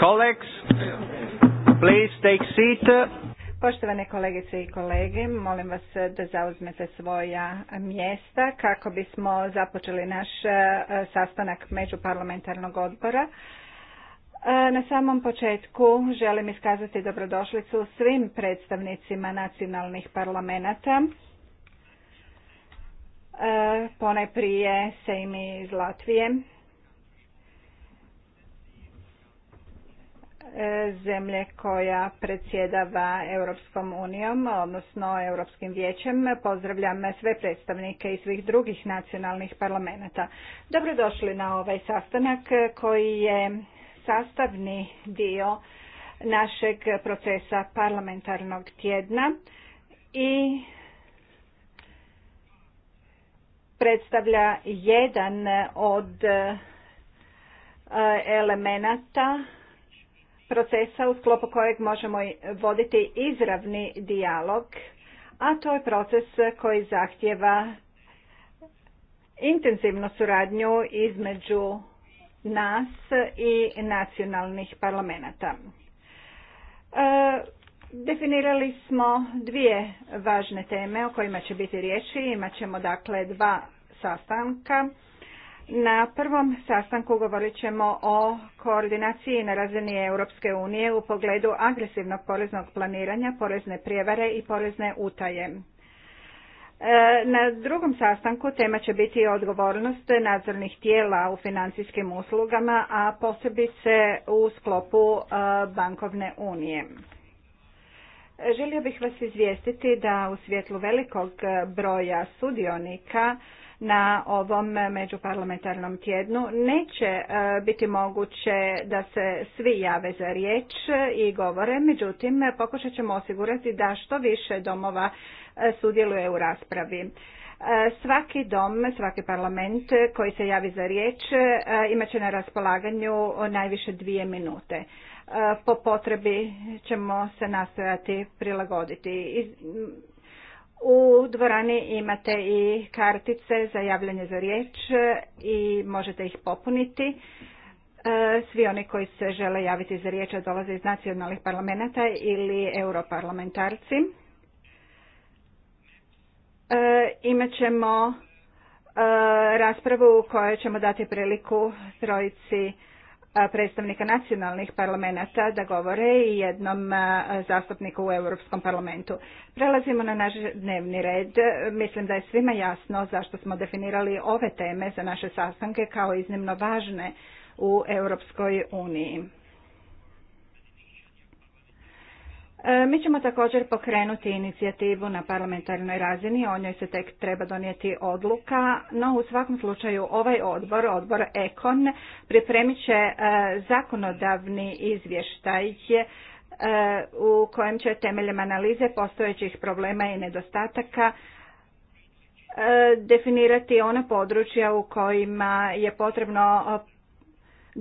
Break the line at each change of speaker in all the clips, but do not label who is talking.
Colleagues,
please take seat.
Poštovane kolegice i kolege, molim vas da zauzmete svoja mjesta kako bismo započeli naš e, sastanak međuparlamentarnog odbora. E, na samom početku želim iskazati dobrodošlicu svim predstavnicima nacionalnih parlamenta pone prije Sejmi iz Latvije. zemlje koja predsjedava Europskom unijom, odnosno Europskim vijećem. Pozdravljam sve predstavnike i svih drugih nacionalnih parlamenta. Dobrodošli na ovaj sastanak koji je sastavni dio našeg procesa parlamentarnog tjedna i predstavlja jedan od e, elemenata procesa u sklopu kojeg možemo voditi izravni dijalog, a to je proces koji zahtjeva intenzivnu suradnju između nas i nacionalnih parlamenta. E, Definirali smo dvije važne teme o kojima će biti riječi. Imaćemo dakle dva sastanka. Na prvom sastanku govorit ćemo o koordinaciji na razini Europske unije u pogledu agresivnog poreznog planiranja, porezne prijevare i porezne utaje. E, na drugom sastanku tema će biti odgovornost nadzornih tijela u financijskim uslugama, a posebice u sklopu e, bankovne unije. Želio bih vas izvijestiti da u svjetlu velikog broja sudionika na ovom međuparlamentarnom tjednu neće e, biti moguće da se svi jave za riječ i govore, međutim pokušat ćemo osigurati da što više domova e, sudjeluje u raspravi. E, svaki dom, svaki parlament koji se javi za riječ imat će na raspolaganju najviše dvije minute po potrebi ćemo se nastojati prilagoditi. U dvorani imate i kartice za javljanje za riječ i možete ih popuniti. E, svi oni koji se žele javiti za riječ, dolaze iz nacionalnih parlamenta ili europarlamentarci. E, imat ćemo e, raspravu u kojoj ćemo dati priliku trojici predstavnika nacionalnih parlamenta da govore i jednom zastupniku u Europskom parlamentu. Prelazimo na naš dnevni red. Mislim da je svima jasno zašto smo definirali ove teme za naše sastanke kao iznimno važne u Europskoj uniji. E, mi ćemo također pokrenuti inicijativu na parlamentarnoj razini, o njoj se tek treba donijeti odluka, no u svakom slučaju ovaj odbor, odbor Ekon, pripremit će e, zakonodavni izvještaj e, u kojem će temeljem analize postojećih problema i nedostataka definirati ona područja u kojima je potrebno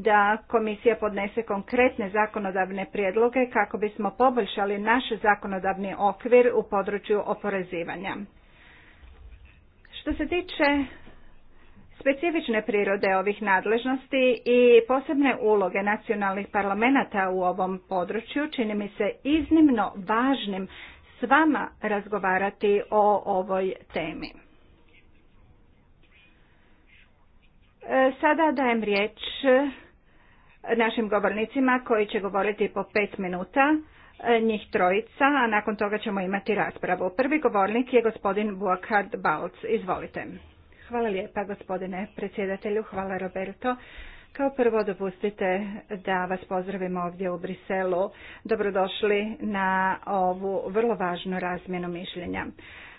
da komisija podnese konkretne zakonodavne prijedloge kako bismo poboljšali naš zakonodavni okvir u području oporezivanja. Što se tiče specifične prirode ovih nadležnosti i posebne uloge nacionalnih parlamenta u ovom području čini mi se iznimno važnim s vama razgovarati o ovoj temi. E, sada dajem riječ našim govornicima koji će govoriti po pet minuta, e, njih trojica, a nakon toga ćemo imati raspravu. Prvi govornik je gospodin Buakard Balc. Izvolite. Hvala lijepa gospodine predsjedatelju, hvala Roberto. Kao prvo dopustite da vas pozdravimo ovdje u Briselu. Dobrodošli na ovu vrlo važnu razmjenu mišljenja.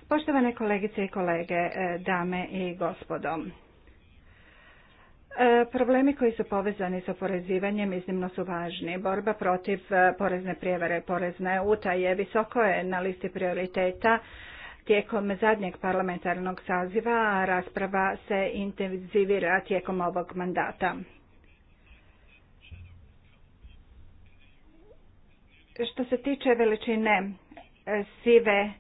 Poštovane kolegice i kolege, e, dame i gospodo, E, problemi koji su povezani sa porezivanjem iznimno su važni. Borba protiv e, porezne prijevare porezne utaje visoko je na listi prioriteta tijekom zadnjeg parlamentarnog saziva, a rasprava se intenzivira tijekom ovog mandata. Što se tiče veličine e, sive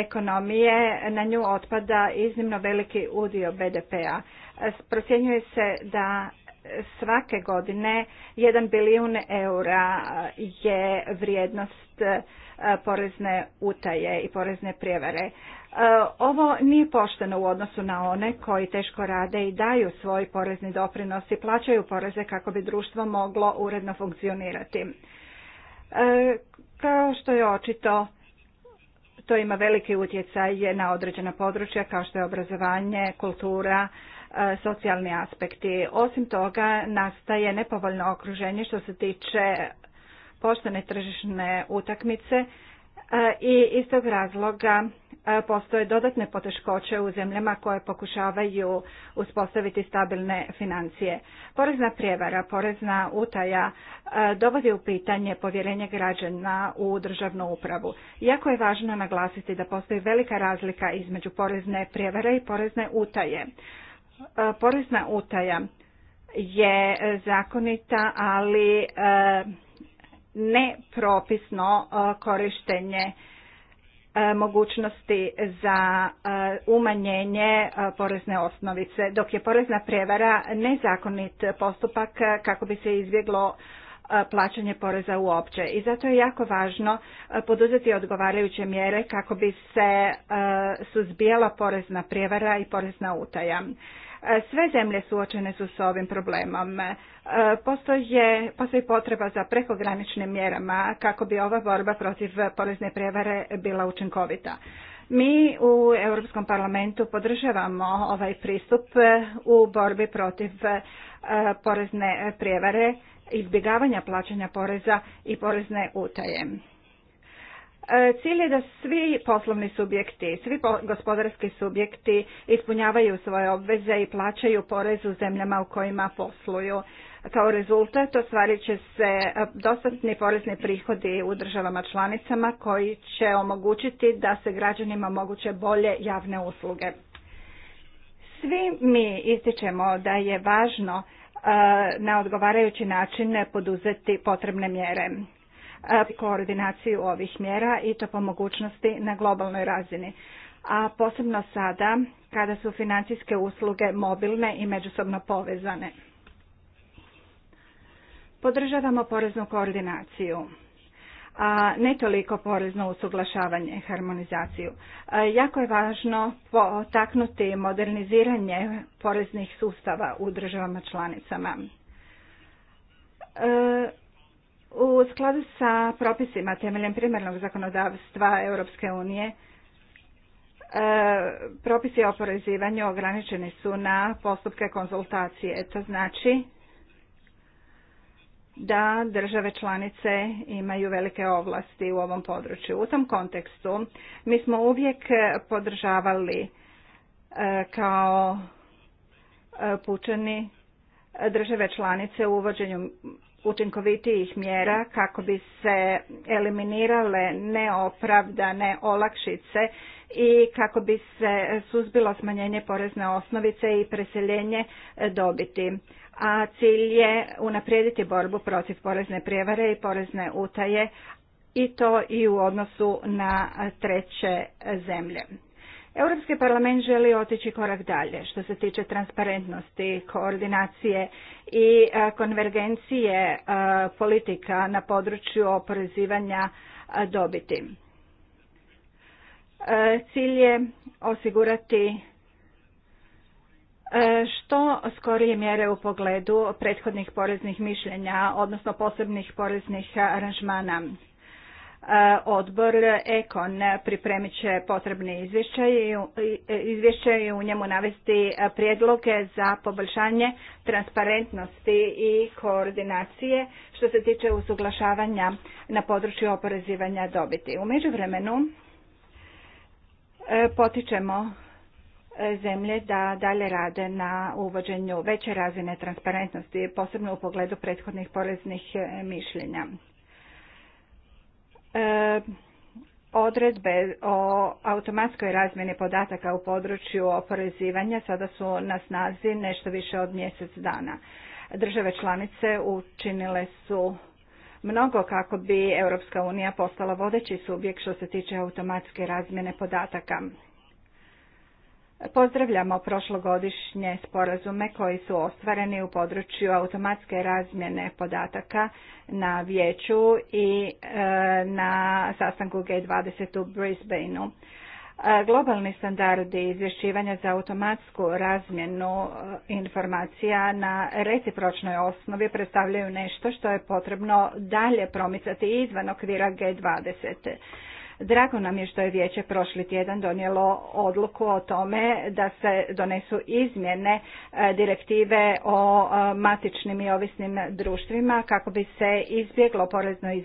ekonomije, na nju otpada iznimno veliki udio BDP-a procjenjuje se da svake godine 1 bilijun eura je vrijednost e, porezne utaje i porezne prijevare. E, ovo nije pošteno u odnosu na one koji teško rade i daju svoj porezni doprinos i plaćaju poreze kako bi društvo moglo uredno funkcionirati. E, kao što je očito, to ima veliki utjecaj na određena područja kao što je obrazovanje, kultura, E, socijalni aspekti. Osim toga nastaje nepovoljno okruženje što se tiče poštene tržišne utakmice e, i iz tog razloga e, postoje dodatne poteškoće u zemljama koje pokušavaju uspostaviti stabilne financije. Porezna prijevara, porezna utaja dovodi u pitanje povjerenje građana u državnu upravu. Jako je važno naglasiti da postoji velika razlika između porezne prijevare i porezne utaje. E, porezna utaja je zakonita, ali e, ne propisno e, korištenje mogućnosti za umanjenje porezne osnovice, dok je porezna prijevara nezakonit postupak kako bi se izbjeglo plaćanje poreza uopće. I zato je jako važno poduzeti odgovarajuće mjere kako bi se suzbijala porezna prijevara i porezna utaja. Sve zemlje suočene su s ovim problemom. E, postoje, postoji potreba za prekograničnim mjerama kako bi ova borba protiv porezne prijevare bila učinkovita. Mi u Europskom parlamentu podržavamo ovaj pristup e, u borbi protiv e, porezne prijevare, izbjegavanja plaćanja poreza i porezne utaje. E, cilj je da svi poslovni subjekti, svi gospodarski subjekti ispunjavaju svoje obveze i plaćaju porez u zemljama u kojima posluju. Kao rezultat ostvarit će se e, dostatni porezni prihodi u državama članicama koji će omogućiti da se građanima moguće bolje javne usluge. Svi mi ističemo da je važno e, na odgovarajući način poduzeti potrebne mjere koordinaciju ovih mjera i to po mogućnosti na globalnoj razini. A posebno sada kada su financijske usluge mobilne i međusobno povezane. Podržavamo poreznu koordinaciju a ne toliko porezno usuglašavanje, harmonizaciju. Jako je važno potaknuti moderniziranje poreznih sustava u državama članicama. E, u skladu sa propisima temeljem primjernog zakonodavstva Europske unije, e, propisi o oporezivanju ograničeni su na postupke konzultacije. To znači da države članice imaju velike ovlasti u ovom području. U tom kontekstu mi smo uvijek podržavali e, kao e, pučani države članice u uvođenju učinkovitijih mjera kako bi se eliminirale neopravdane olakšice i kako bi se suzbilo smanjenje porezne osnovice i preseljenje dobiti. A cilj je unaprijediti borbu protiv porezne prijevare i porezne utaje i to i u odnosu na treće zemlje. Europski parlament želi otići korak dalje što se tiče transparentnosti, koordinacije i e, konvergencije e, politika na području oporezivanja e, dobiti. Cilj je osigurati što skorije mjere u pogledu prethodnih poreznih mišljenja, odnosno posebnih poreznih aranžmana. E, odbor Ekon pripremit će potrebne izvješće i u e, njemu navesti e, prijedloge za poboljšanje transparentnosti i koordinacije što se tiče usuglašavanja na području oporezivanja dobiti. U međuvremenu potičemo zemlje da dalje rade na uvođenju veće razine transparentnosti, posebno u pogledu prethodnih poreznih mišljenja. E, odredbe o automatskoj razmjeni podataka u području oporezivanja sada su na snazi nešto više od mjesec dana. Države članice učinile su mnogo kako bi Europska unija postala vodeći subjekt što se tiče automatske razmjene podataka Pozdravljamo prošlogodišnje sporazume koji su ostvareni u području automatske razmjene podataka na vijeću i e, na sastanku G20 u Brisbaneu. E, globalni standardi izvješćivanja za automatsku razmjenu e, informacija na recipročnoj osnovi predstavljaju nešto što je potrebno dalje promicati izvan okvira G20. Drago nam je što je vijeće prošli tjedan donijelo odluku o tome da se donesu izmjene e, direktive o e, matičnim i ovisnim društvima kako bi se izbjeglo porezno e,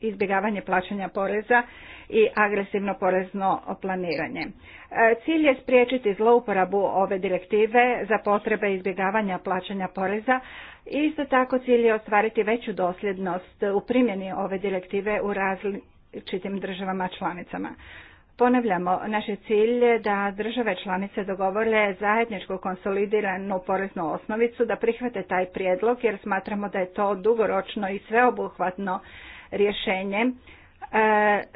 izbjegavanje plaćanja poreza i agresivno porezno planiranje. Cilj je spriječiti zlouporabu ove direktive za potrebe izbjegavanja plaćanja poreza i isto tako cilj je ostvariti veću dosljednost u primjeni ove direktive u različitim čitim državama članicama. Ponavljamo, naš je da države članice dogovore zajedničku konsolidiranu poreznu osnovicu, da prihvate taj prijedlog jer smatramo da je to dugoročno i sveobuhvatno rješenje e,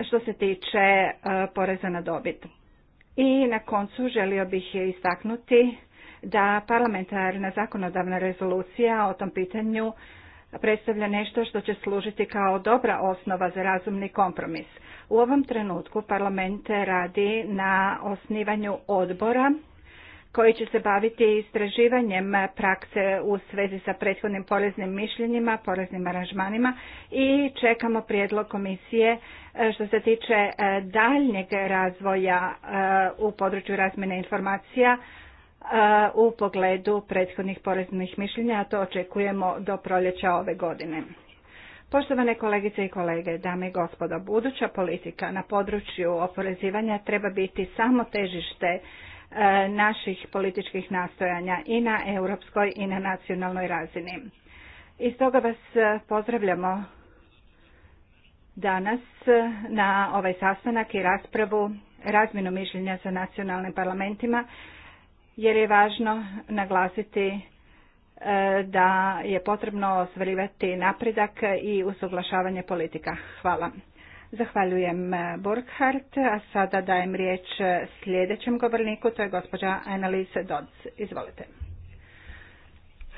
što se tiče e, poreza na dobit. I na koncu želio bih istaknuti da parlamentarna zakonodavna rezolucija o tom pitanju predstavlja nešto što će služiti kao dobra osnova za razumni kompromis. U ovom trenutku parlament radi na osnivanju odbora koji će se baviti istraživanjem prakse u svezi sa prethodnim poreznim mišljenjima, poreznim aranžmanima i čekamo prijedlog komisije e, što se tiče e, daljnjeg razvoja e, u području razmjene informacija u pogledu prethodnih poreznih mišljenja, a to očekujemo do proljeća ove godine. Poštovane kolegice i kolege, dame i gospodo, buduća politika na području oporezivanja treba biti samo težište e, naših političkih nastojanja i na europskoj i na nacionalnoj razini. I stoga vas e, pozdravljamo danas e, na ovaj sastanak i raspravu razmjenu mišljenja sa nacionalnim parlamentima jer je važno naglasiti e, da je potrebno ostvarivati napredak i usuglašavanje politika. Hvala. Zahvaljujem e, Burkhardt, a sada dajem riječ sljedećem govorniku, to je gospođa Annalise Dodds. Izvolite.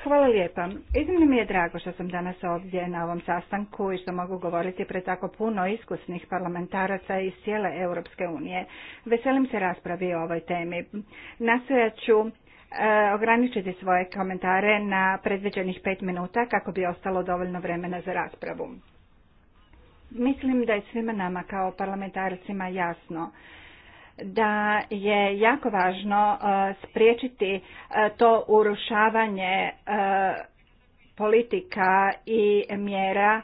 Hvala lijepa. Iznimno mi je drago što sam danas ovdje na ovom sastanku i što mogu govoriti pred tako puno iskusnih parlamentaraca iz cijele Europske unije. Veselim se raspravi o ovoj temi. Nastojat ću e, ograničiti svoje komentare na predviđenih pet minuta kako bi ostalo dovoljno vremena za raspravu. Mislim da je svima nama kao parlamentarcima jasno da je jako važno e, spriječiti e, to urušavanje e, politika i mjera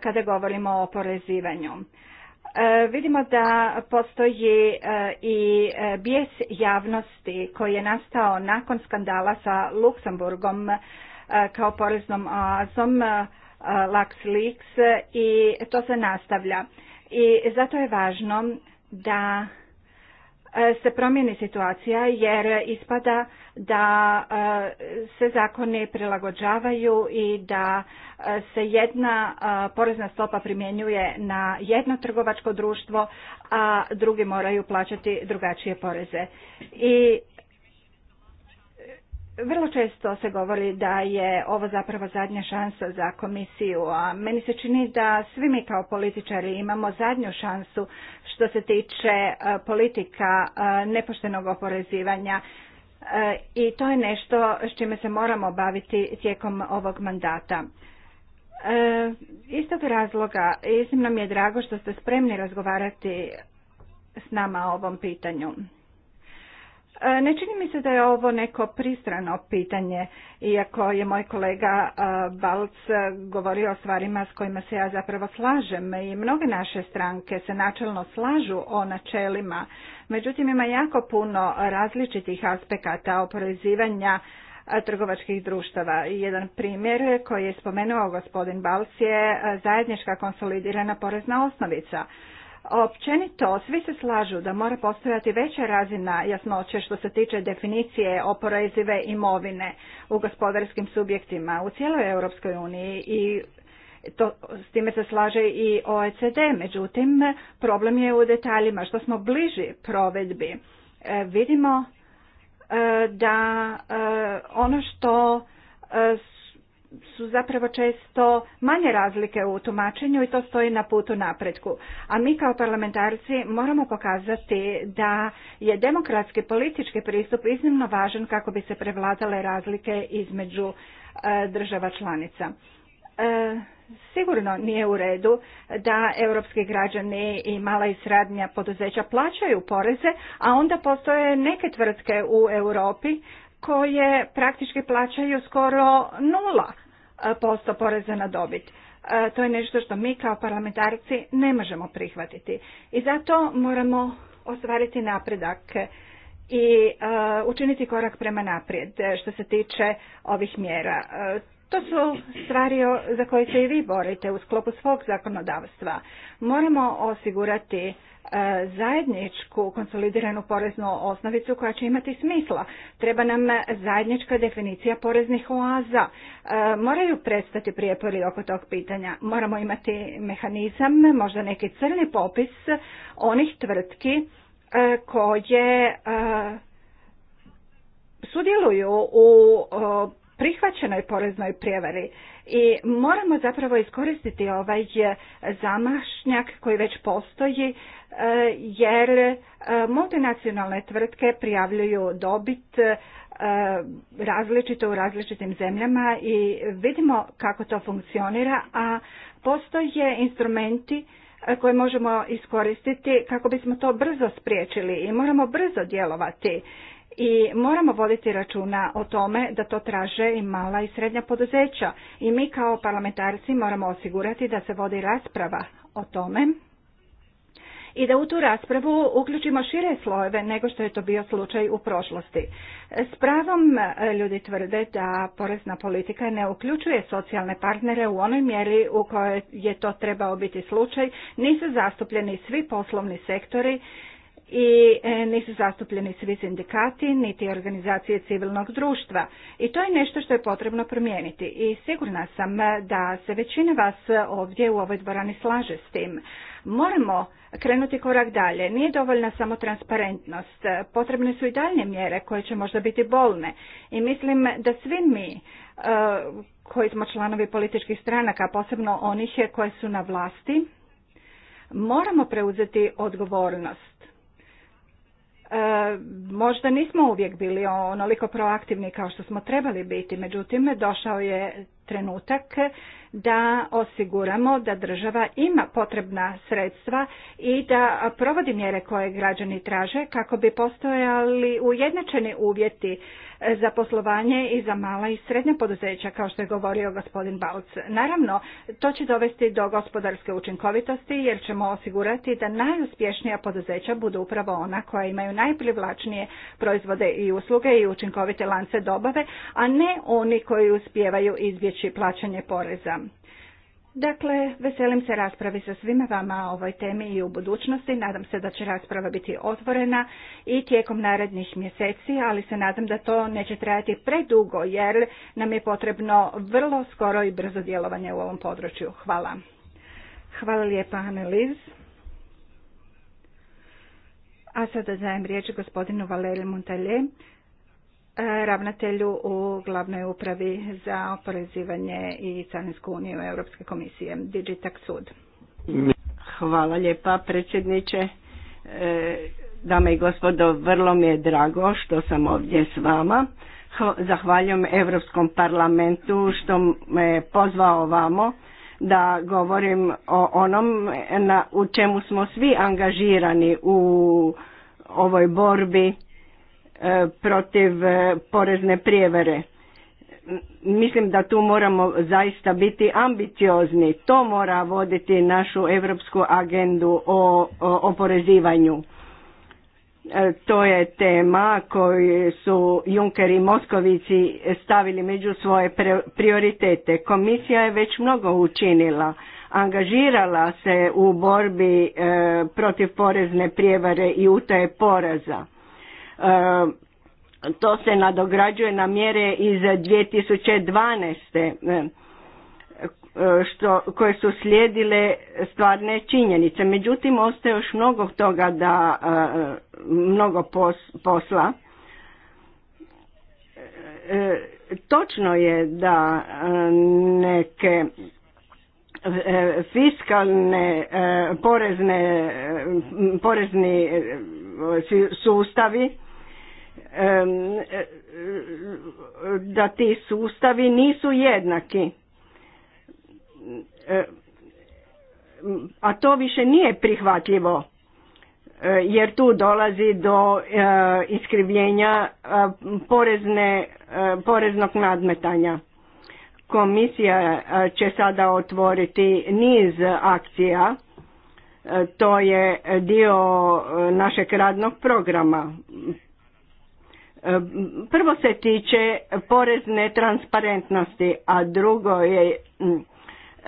kada govorimo o porezivanju. Vidimo da postoji i bijes javnosti koji je nastao nakon skandala sa Luksemburgom kao poreznom oazom LuxLeaks i to se nastavlja. I zato je važno da se promijeni situacija jer ispada da e, se zakoni prilagođavaju i da e, se jedna e, porezna stopa primjenjuje na jedno trgovačko društvo, a drugi moraju plaćati drugačije poreze. I vrlo često se govori da je ovo zapravo zadnja šansa za komisiju, a meni se čini da svi mi kao političari imamo zadnju šansu što se tiče e, politika e, nepoštenog oporezivanja e, i to je nešto s čime se moramo baviti tijekom ovog mandata. Iz tog razloga iznimno mi je drago što ste spremni razgovarati s nama o ovom pitanju. E, ne čini mi se da je ovo neko pristrano pitanje, iako je moj kolega e, Balc govorio o stvarima s kojima se ja zapravo slažem i mnoge naše stranke se načelno slažu o načelima. Međutim, ima jako puno različitih aspekata oporezivanja e, trgovačkih društava. Jedan primjer koji je spomenuo gospodin Balc je zajednička konsolidirana porezna osnovica. Općenito, svi se slažu da mora postojati veća razina jasnoće što se tiče definicije oporezive imovine u gospodarskim subjektima u cijeloj Europskoj uniji i to, s time se slaže i OECD, međutim problem je u detaljima. Što smo bliži provedbi, e, vidimo e, da e, ono što su zapravo često manje razlike u tumačenju i to stoji na putu napretku. A mi kao parlamentarci moramo pokazati da je demokratski politički pristup iznimno važan kako bi se prevladale razlike između e, država članica. E, sigurno nije u redu da europski građani i mala i srednja poduzeća plaćaju poreze, a onda postoje neke tvrtke u Europi koje praktički plaćaju skoro nula posto poreza na dobit. E, to je nešto što mi kao parlamentarci ne možemo prihvatiti. I zato moramo ostvariti napredak i e, učiniti korak prema naprijed e, što se tiče ovih mjera. To su stvari za koje se i vi borite u sklopu svog zakonodavstva. Moramo osigurati e, zajedničku konsolidiranu poreznu osnovicu koja će imati smisla. Treba nam zajednička definicija poreznih oaza. E, moraju prestati prijepori oko tog pitanja. Moramo imati mehanizam, možda neki crni popis onih tvrtki e, koje sudjeluju u prihvaćenoj poreznoj prijevari i moramo zapravo iskoristiti ovaj e, zamašnjak koji već postoji e, jer e, multinacionalne tvrtke prijavljuju dobit različito u različitim zemljama i vidimo kako to funkcionira, a postoje instrumenti koje možemo iskoristiti kako bismo to brzo spriječili i moramo brzo djelovati i moramo voditi računa o tome da to traže i mala i srednja poduzeća i mi kao parlamentarci moramo osigurati da se vodi rasprava o tome i da u tu raspravu uključimo šire slojeve nego što je to bio slučaj u prošlosti. S pravom ljudi tvrde da porezna politika ne uključuje socijalne partnere u onoj mjeri u kojoj je to trebao biti slučaj, nisu zastupljeni svi poslovni sektori i e, nisu zastupljeni svi sindikati niti organizacije civilnog društva i to je nešto što je potrebno promijeniti i sigurna sam e, da se većina vas ovdje u ovoj dvorani slaže s tim. Moramo krenuti korak dalje. Nije dovoljna samo transparentnost. Potrebne su i daljnje mjere koje će možda biti bolne. I mislim da svi mi e, koji smo članovi političkih stranaka, posebno onih koje su na vlasti, moramo preuzeti odgovornost E, možda nismo uvijek bili onoliko proaktivni kao što smo trebali biti, međutim došao je trenutak da osiguramo da država ima potrebna sredstva i da provodi mjere koje građani traže kako bi postojali ujednačeni uvjeti za poslovanje i za mala i srednja poduzeća, kao što je govorio gospodin Bauc. Naravno, to će dovesti do gospodarske učinkovitosti jer ćemo osigurati da najuspješnija poduzeća budu upravo ona koja imaju najprivlačnije proizvode i usluge i učinkovite lance dobave, a ne oni koji uspijevaju izbjeći plaćanje poreza. Dakle, veselim se raspravi sa svima vama o ovoj temi i u budućnosti. Nadam se da će rasprava biti otvorena i tijekom narednih mjeseci, ali se nadam da to neće trajati predugo jer nam je potrebno vrlo skoro i brzo djelovanje u ovom području. Hvala. Hvala lijepa, Anneliz. A sada dajem riječ gospodinu Valeriju Montalje, E, ravnatelju u glavnoj upravi za oporezivanje i carinsku uniju Europske komisije,
Digitak Sud. Hvala lijepa predsjedniče. E, dame i gospodo, vrlo mi je drago što sam ovdje s vama. Zahvaljujem Europskom parlamentu što me pozvao vamo da govorim o onom u čemu smo svi angažirani u ovoj borbi E, protiv e, porezne prijevere. Mislim da tu moramo zaista biti ambiciozni. To mora voditi našu europsku agendu o oporezivanju. E, to je tema koju su Juncker i Moskovici stavili među svoje prioritete. Komisija je već mnogo učinila. Angažirala se u borbi protiv porezne prijevare i utaje poraza Ehm, to se nadograđuje na mjere iz 2012. E, e, što, koje su slijedile stvarne činjenice. Međutim, ostaje još mnogo toga da e, mnogo posla. Točno je da neke fiskalne porezne porezni sustavi E, da ti sustavi nisu jednaki. E, a to više nije prihvatljivo e, jer tu dolazi do iskrivljenja porezne, poreznog nadmetanja. Komisija će sada otvoriti niz akcija, to je dio našeg radnog programa Prvo se tiče porezne transparentnosti, a drugo je mm,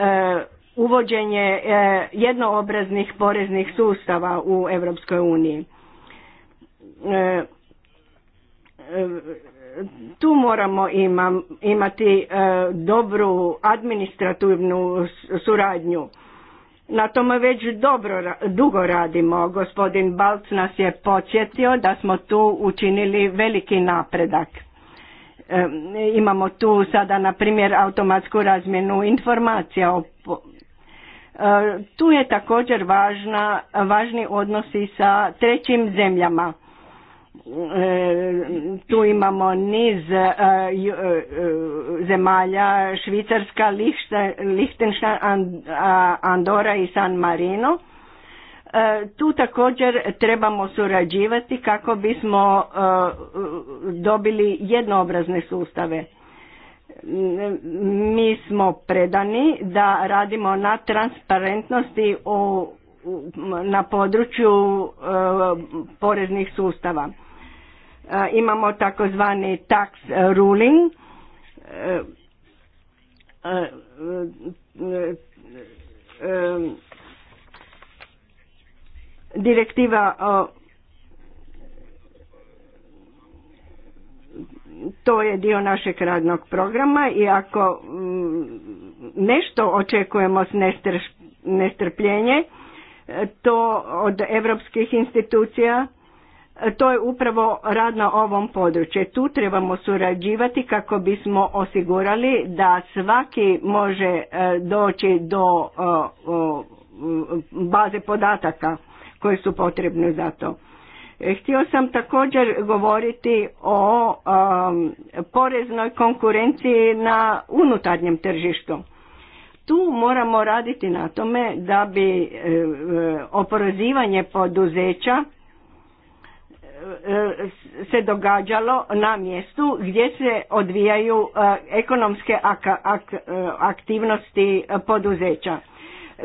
e, uvođenje e, jednoobraznih poreznih sustava u Europskoj uniji. E, tu moramo imati dobru administrativnu suradnju na tome već dobro, dugo radimo. Gospodin Balc nas je podsjetio da smo tu učinili veliki napredak. imamo tu sada, na primjer, automatsku razmjenu informacija. O, e, tu je također važni odnosi sa trećim zemljama E, tu imamo niz e, e, zemalja, Švicarska, Lichtenstein, Andora i San Marino. Tu također trebamo surađivati kako bismo dobili jednoobrazne sustave. Mi smo predani da radimo na transparentnosti na području poreznih sustava Eh, imamo takozvani tax ruling, eh, eh, direktiva o to je dio našeg radnog programa i ako mm, nešto očekujemo s nestrpljenje to od europskih institucija E, to je upravo rad na ovom području. Tu trebamo surađivati kako bismo osigurali da svaki može e, doći do e, baze podataka koje su potrebne za to. Htio sam također govoriti o poreznoj konkurenciji na unutarnjem tržištu. Tu moramo raditi na tome da bi oporezivanje poduzeća se događalo na mjestu gdje se odvijaju e, ekonomske e, aktivnosti poduzeća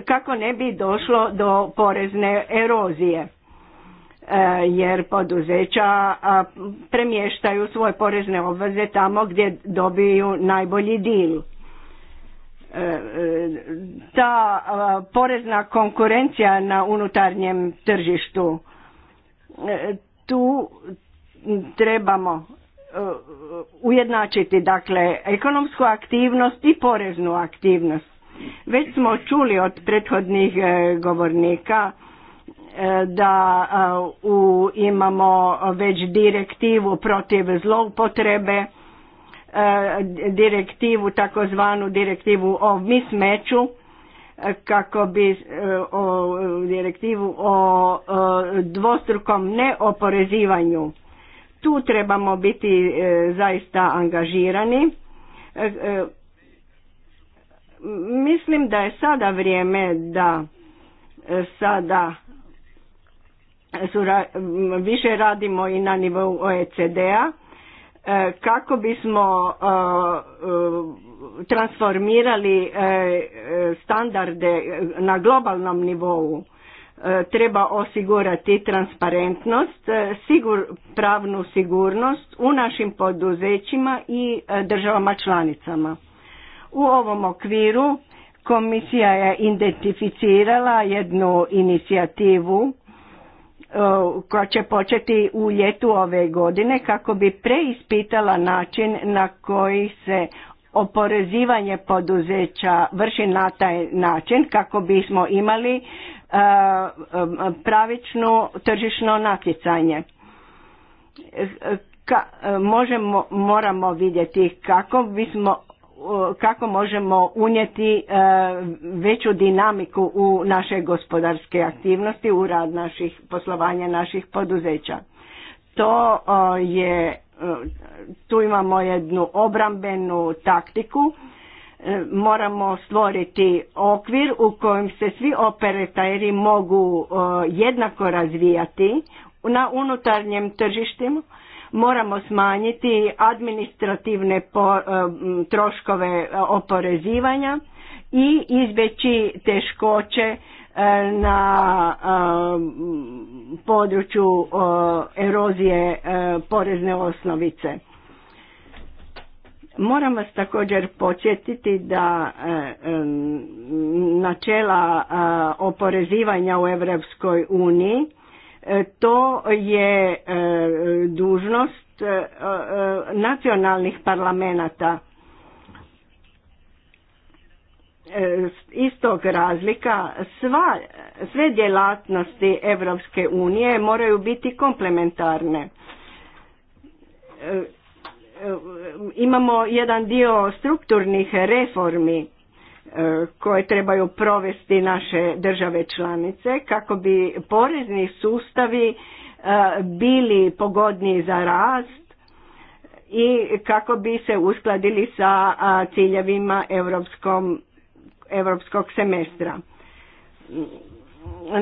kako ne bi došlo do porezne erozije e, jer poduzeća premještaju svoje porezne obveze tamo gdje dobiju najbolji dil. Ta porezna konkurencija na unutarnjem tržištu tu trebamo e, ujednačiti dakle ekonomsku aktivnost i poreznu aktivnost. Već smo čuli od prethodnih e, govornika e, da u, imamo već direktivu protiv zloupotrebe, direktivu takozvanu direktivu o mismeću kako bi e, o direktivu o e, dvostrukom neoporezivanju. Tu trebamo biti e, zaista angažirani. Mislim da je sada vrijeme da sada više radimo i na nivou OECD-a kako bismo transformirali e, e, standarde e, na globalnom nivou treba osigurati transparentnost, sigur, pravnu sigurnost u našim poduzećima i državama članicama. U ovom okviru komisija je identificirala jednu inicijativu koja će početi u ljetu ove godine kako bi preispitala način na koji se oporezivanje poduzeća vrši na taj način kako bismo imali e, pravično tržišno natjecanje. možemo, moramo vidjeti kako bismo kako možemo unijeti e, veću dinamiku u naše gospodarske aktivnosti, u rad naših poslovanja naših poduzeća. To e, je tu imamo jednu obrambenu taktiku e, moramo stvoriti okvir u kojem se svi operateri mogu e, jednako razvijati na unutarnjem tržištima moramo smanjiti administrativne e, troškove oporezivanja i izbjeći teškoće E, na e, području e, erozije porezne osnovice. Moram vas također podsjetiti da načela oporezivanja u Europskoj uniji to je dužnost nacionalnih parlamenta E, tog razlika sva, sve djelatnosti Europske unije moraju biti komplementarne. E, e, imamo jedan dio strukturnih reformi koje trebaju provesti naše države članice kako bi porezni sustavi bili pogodniji za rast i kako bi se uskladili sa ciljevima europskom europskog semestra.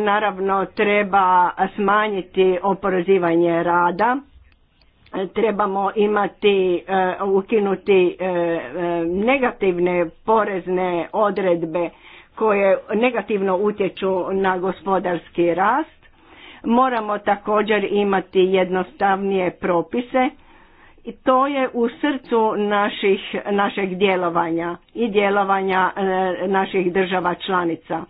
Naravno, treba smanjiti oporezivanje rada, trebamo imati, e, ukinuti e, e, negativne porezne odredbe koje negativno utječu na gospodarski rast. Moramo također imati jednostavnije propise i to je u srcu naših, našeg djelovanja i djelovanja e, naših država članica.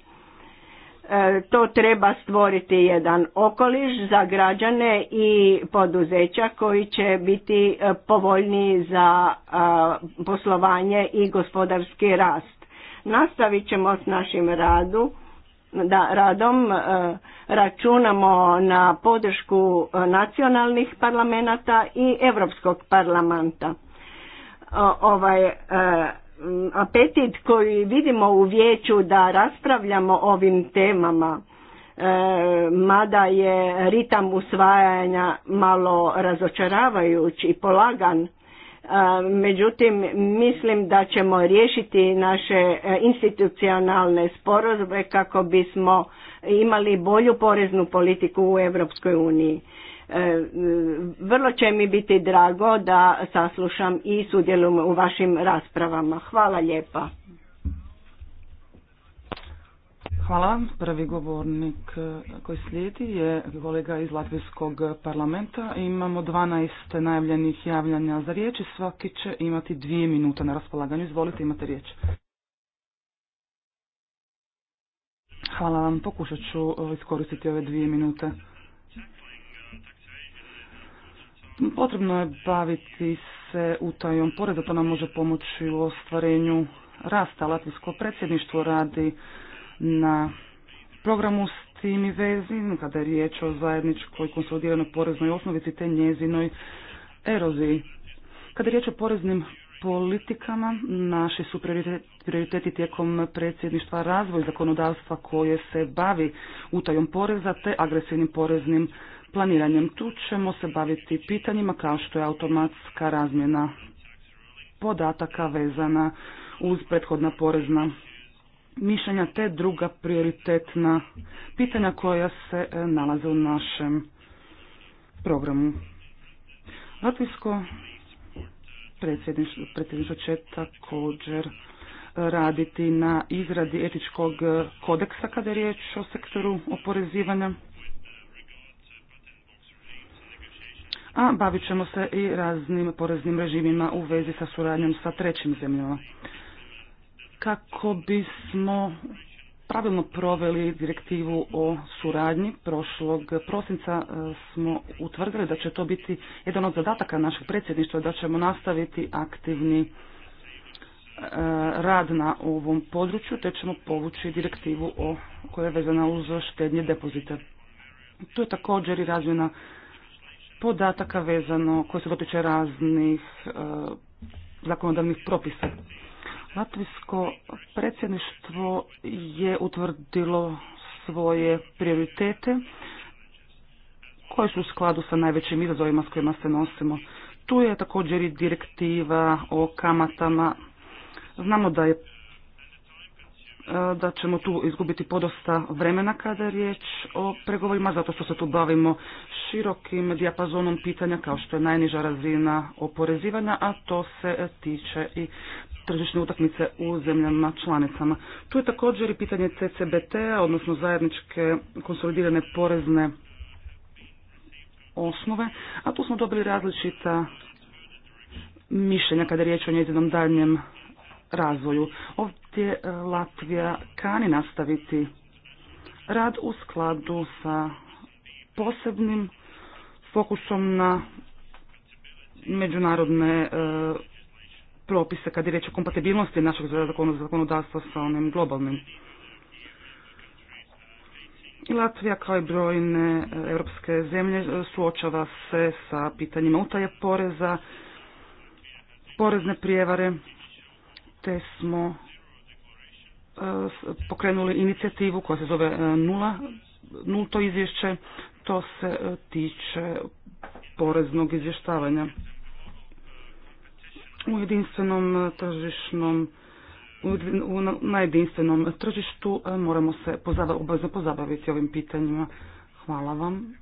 E, to treba stvoriti jedan okoliš za građane i poduzeća koji će biti e, povoljni za poslovanje i gospodarski rast. Nastavit ćemo s našim radu da radom e, računamo na podršku e, nacionalnih parlamenta i Europskog parlamenta. Ovaj e, apetit koji vidimo u vijeću da raspravljamo ovim temama, mada je ritam usvajanja malo razočaravajući i polagan, Međutim, mislim da ćemo riješiti naše e, institucionalne sporozbe kako bismo imali bolju poreznu politiku u Europskoj uniji. E, vrlo će mi biti drago da saslušam i sudjelujem u vašim raspravama. Hvala lijepa.
Hvala Prvi govornik e, koji slijedi je kolega iz Latvijskog parlamenta. Imamo 12 najavljenih javljanja za riječ i svaki će imati dvije minute na raspolaganju. Izvolite, imate riječ. Hvala vam. Pokušat ću e, iskoristiti ove dvije minute. Potrebno je baviti se utajom poreza. To nam može pomoći u ostvarenju rasta. Latvijsko predsjedništvo radi na programu s tim i vezi, kada je riječ o zajedničkoj konsolidiranoj poreznoj osnovici te njezinoj eroziji. Kada je riječ o poreznim politikama, naši su prioriteti tijekom predsjedništva razvoj zakonodavstva koje se bavi utajom poreza te agresivnim poreznim planiranjem. Tu ćemo se baviti pitanjima kao što je automatska razmjena podataka vezana uz prethodna porezna mišljenja te druga prioritetna pitanja koja se e, nalaze u našem programu. Latvijsko predsjedništvo, će također e, raditi na izradi etičkog e, kodeksa kada je riječ o sektoru oporezivanja. A bavit ćemo se i raznim poreznim režimima u vezi sa suradnjom sa trećim zemljama kako bismo pravilno proveli direktivu o suradnji. Prošlog prosinca e, smo utvrdili da će to biti jedan od zadataka našeg predsjedništva, da ćemo nastaviti aktivni e, rad na ovom području, te ćemo povući direktivu o, koja je vezana uz štednje depozite. Tu je također i razmjena podataka vezano koje se dotiče raznih e, zakonodavnih propisa. Latvijsko predsjedništvo je utvrdilo svoje prioritete koje su u skladu sa najvećim izazovima s kojima se nosimo. Tu je također i direktiva o kamatama. Znamo da je e, da ćemo tu izgubiti podosta vremena kada je riječ o pregovorima, zato što se tu bavimo širokim dijapazonom pitanja kao što je najniža razina oporezivanja, a to se tiče i tržišne utakmice u zemljama članicama. Tu je također i pitanje ccbt odnosno zajedničke konsolidirane porezne osnove, a tu smo dobili različita mišljenja kada je riječ o njezinom daljnjem razvoju. Ovdje e, Latvija kani nastaviti rad u skladu sa posebnim fokusom na međunarodne e, propise kad je riječ o kompatibilnosti našeg zakonodavstva sa onim globalnim. I Latvija kao i brojne e, europske zemlje e, suočava se sa pitanjima utaje poreza, porezne prijevare, te smo e, pokrenuli inicijativu koja se zove nula, nulto izvješće, to se tiče poreznog izvještavanja u jedinstvenom e, tržišnom u, na jedinstvenom tržištu e, moramo se obavezno pozabaviti ovim pitanjima. Hvala vam.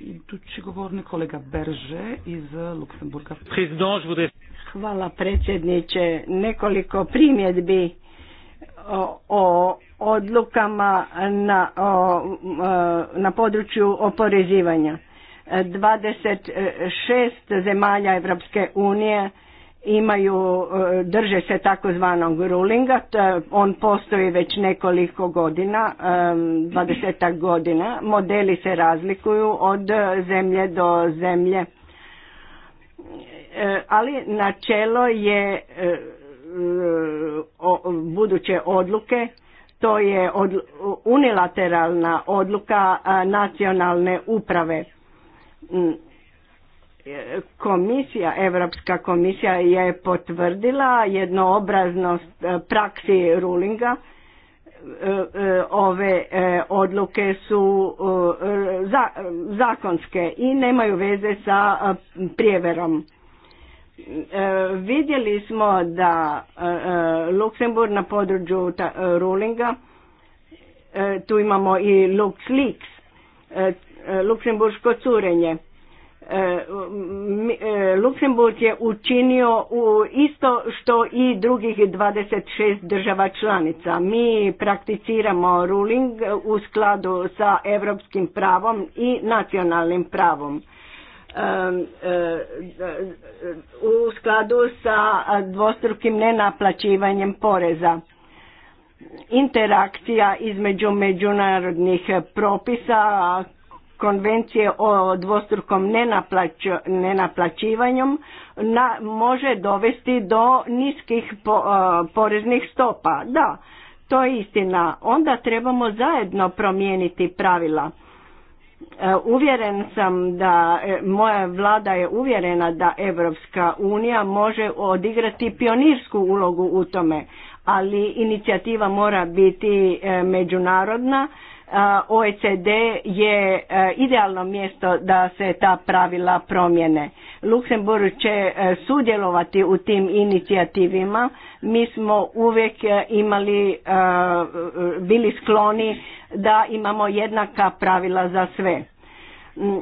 Idući
govorni kolega Berže iz e, Luksemburga. Hvala predsjedniče. Nekoliko primjedbi o, o odlukama na, na području oporezivanja. 26 zemalja Europske unije imaju, e, drže se takozvanog rulinga, on postoji već nekoliko godina, 20 e, godina, modeli se razlikuju od e, zemlje do zemlje, ali načelo je buduće odluke, to je unilateralna odluka nacionalne uprave mm, E, komisija, Europska komisija je potvrdila jednoobraznost e, praksi rulinga. E, ove odluke su zakonske i nemaju veze sa prijeverom. Vidjeli smo da Luksemburg na području rulinga, tu imamo i LuxLeaks, luksemburško curenje, E, e, Luksemburg je učinio isto što i drugih 26 država članica. Mi prakticiramo ruling u skladu sa europskim pravom i nacionalnim pravom. E, u skladu sa dvostrukim nenaplaćivanjem poreza interakcija između međunarodnih propisa konvencije o dvostrukom nenaplaćivanjem može dovesti do niskih e, poreznih stopa. Da, to je istina. Onda trebamo zajedno promijeniti pravila. E, uvjeren sam da, e, moja vlada je uvjerena da Evropska unija može odigrati pionirsku ulogu u tome, ali inicijativa mora biti međunarodna OECD je e, idealno mjesto da se ta pravila promjene. Luksemburg će e, sudjelovati u tim inicijativima. Mi smo uvijek e, imali, bili skloni da imamo jednaka pravila za sve. Mm,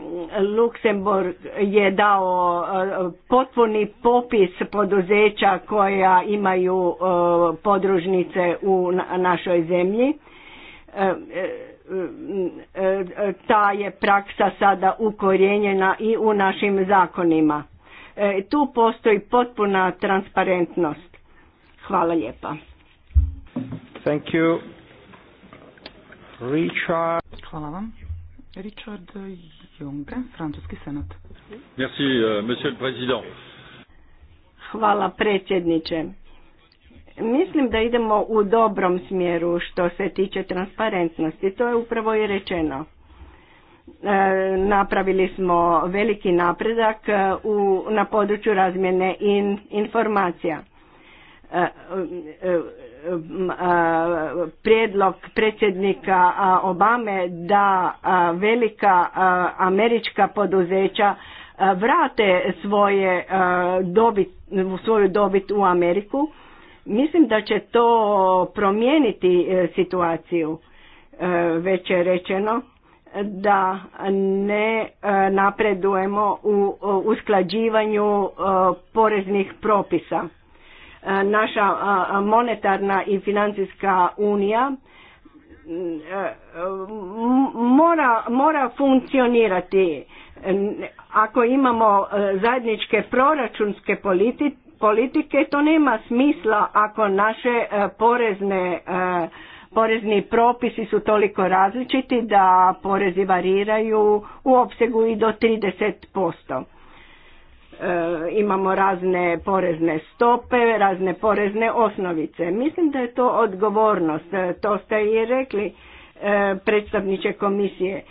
Luksemburg je dao potpuni popis poduzeća koja imaju podružnice u našoj zemlji ta je praksa sada ukorijenjena i u našim zakonima. E, tu postoji potpuna transparentnost. Hvala lijepa.
Thank you.
Richard. Hvala vam. Richard Junge, Francuski
senat.
Merci, euh, monsieur le président.
Hvala predsjedniče. Mislim da idemo u dobrom smjeru što se tiče transparentnosti. To je upravo i rečeno. E, napravili smo veliki napredak e, u, na području razmjene in, informacija. E, prijedlog predsjednika Obame da velika američka poduzeća vrate svoje dobit, svoju dobit u Ameriku Mislim da će to promijeniti e, situaciju. E, već je rečeno da ne e, napredujemo u usklađivanju poreznih propisa. Naša monetarna i financijska unija mora, mora funkcionirati. Ako imamo zajedničke proračunske politike, politike to nema smisla ako naše e, porezne e, porezni propisi su toliko različiti da porezi variraju u opsegu i do 30%. E, imamo razne porezne stope, razne porezne osnovice. Mislim da je to odgovornost, to ste i rekli predstavniče komisije.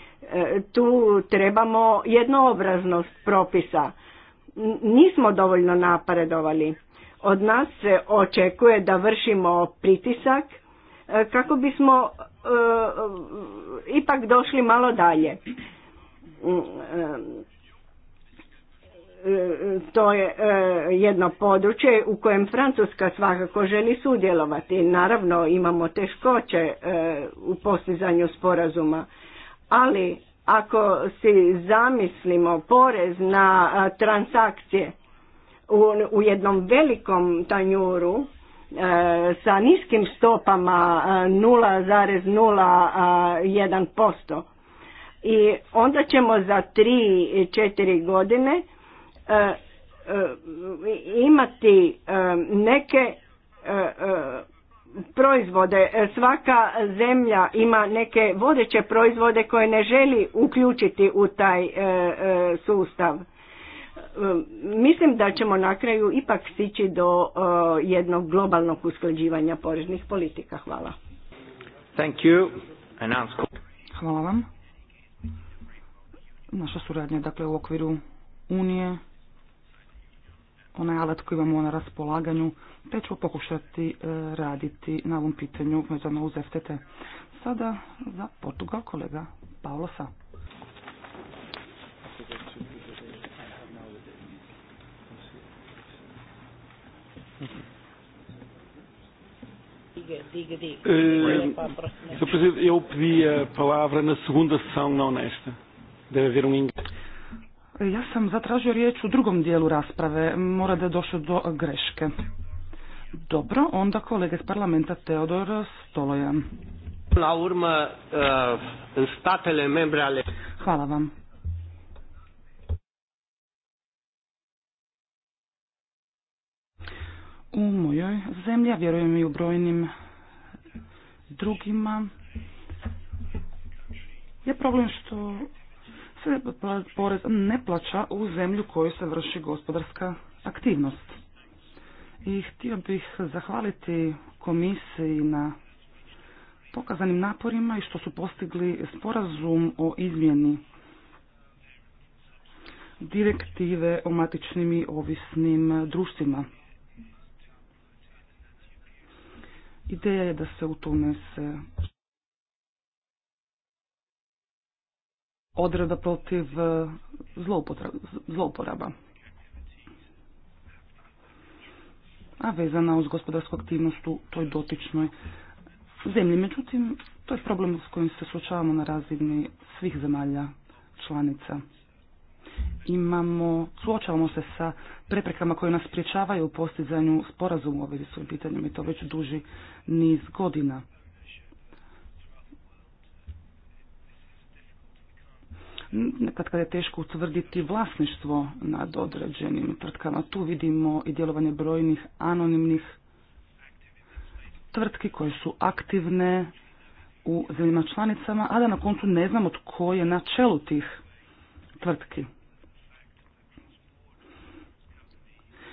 tu trebamo jednoobraznost propisa nismo dovoljno napredovali. Od nas se očekuje da vršimo pritisak e, kako bismo e, ipak došli malo dalje. Mm, e, to je jedno područje u kojem Francuska svakako želi sudjelovati. Naravno imamo teškoće u postizanju sporazuma, ali ako si zamislimo porez na transakcije u jednom velikom tanjuru e, sa niskim stopama 0,01% i onda ćemo za 3-4 godine e, e, imati neke proizvode. Svaka zemlja ima neke vodeće proizvode koje ne želi uključiti u taj e, e, sustav. E, mislim da ćemo na kraju ipak stići do jednog globalnog usklađivanja poreznih politika. Hvala.
Thank you.
Hvala vam. Naša suradnja dakle u okviru Unije onaj alat koji imamo na raspolaganju, te ću pokušati e, raditi na ovom pitanju vezano uz FTT. Sada za Portugal kolega Paulosa.
Diga, diga, diga. Uh,
eu pedi a palavra na segunda sessão, não nesta. Deve haver um
ja sam zatražio riječ u drugom dijelu rasprave. Mora da je došlo do greške. Dobro, onda kolega iz parlamenta Teodor Stolojan. La urmă, uh, statele membre ale... Hvala vam. U mojoj zemlji, a vjerujem i u brojnim drugima, je problem što se porez ne plaća u zemlju koju se vrši gospodarska aktivnost. I htio bih zahvaliti komisiji na pokazanim naporima i što su postigli sporazum o izmjeni direktive o matičnim i ovisnim društvima. Ideja je da se u to unese odreda protiv e, zlouporaba. A vezana uz gospodarsku aktivnost u toj dotičnoj zemlji. Međutim, to je problem s kojim se suočavamo na razini svih zemalja članica. Imamo, suočavamo se sa preprekama koje nas priječavaju u postizanju sporazuma u ovim svojim pitanjima i to već duži niz godina. nekad kada je teško utvrditi vlasništvo nad određenim tvrtkama. Tu vidimo i djelovanje brojnih anonimnih tvrtki koje su aktivne u zemljama članicama, a da na koncu ne znamo tko je na čelu tih tvrtki.